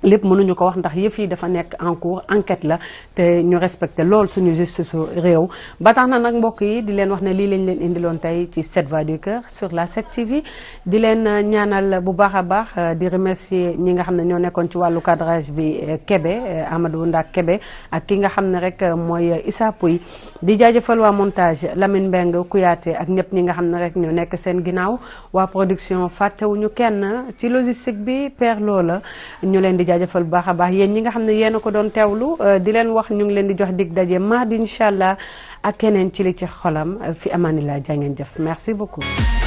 lépp mënuñu ko wax ndax yëf yi dafa nekk en cours enquête la te ñu respecté lool suñu justice su réew ba tax na nag mbokk yi di leen wax ne lii lañ leen indiloon tey ci 7 voix du cœur sur la 7 TV di leen euh, ñaanal bu baax a baax euh, di remercier ñi nga xam ne ñoo nekkoon ci wàllu cadrage bi euh, kebe Amadou Ndak Kébé ak ki nga xam ne rek mooy Issa yi di jaajëfal waa montage Lamine Mbengue Kouyaté ak ñëpp ñi nga xam ne rek ñoo nekk seen ginnaaw waa production fàttewuñu kenn jaajëfal bu baax a baax yéen ñi nga xam ne yéen a ko doon teewlu euh, di leen wax ñu ngi leen di jox dig daje mardi incha allah ak keneen ci li ci xolam fi amaanilaa jaa ngeen jëf merci beaucoup.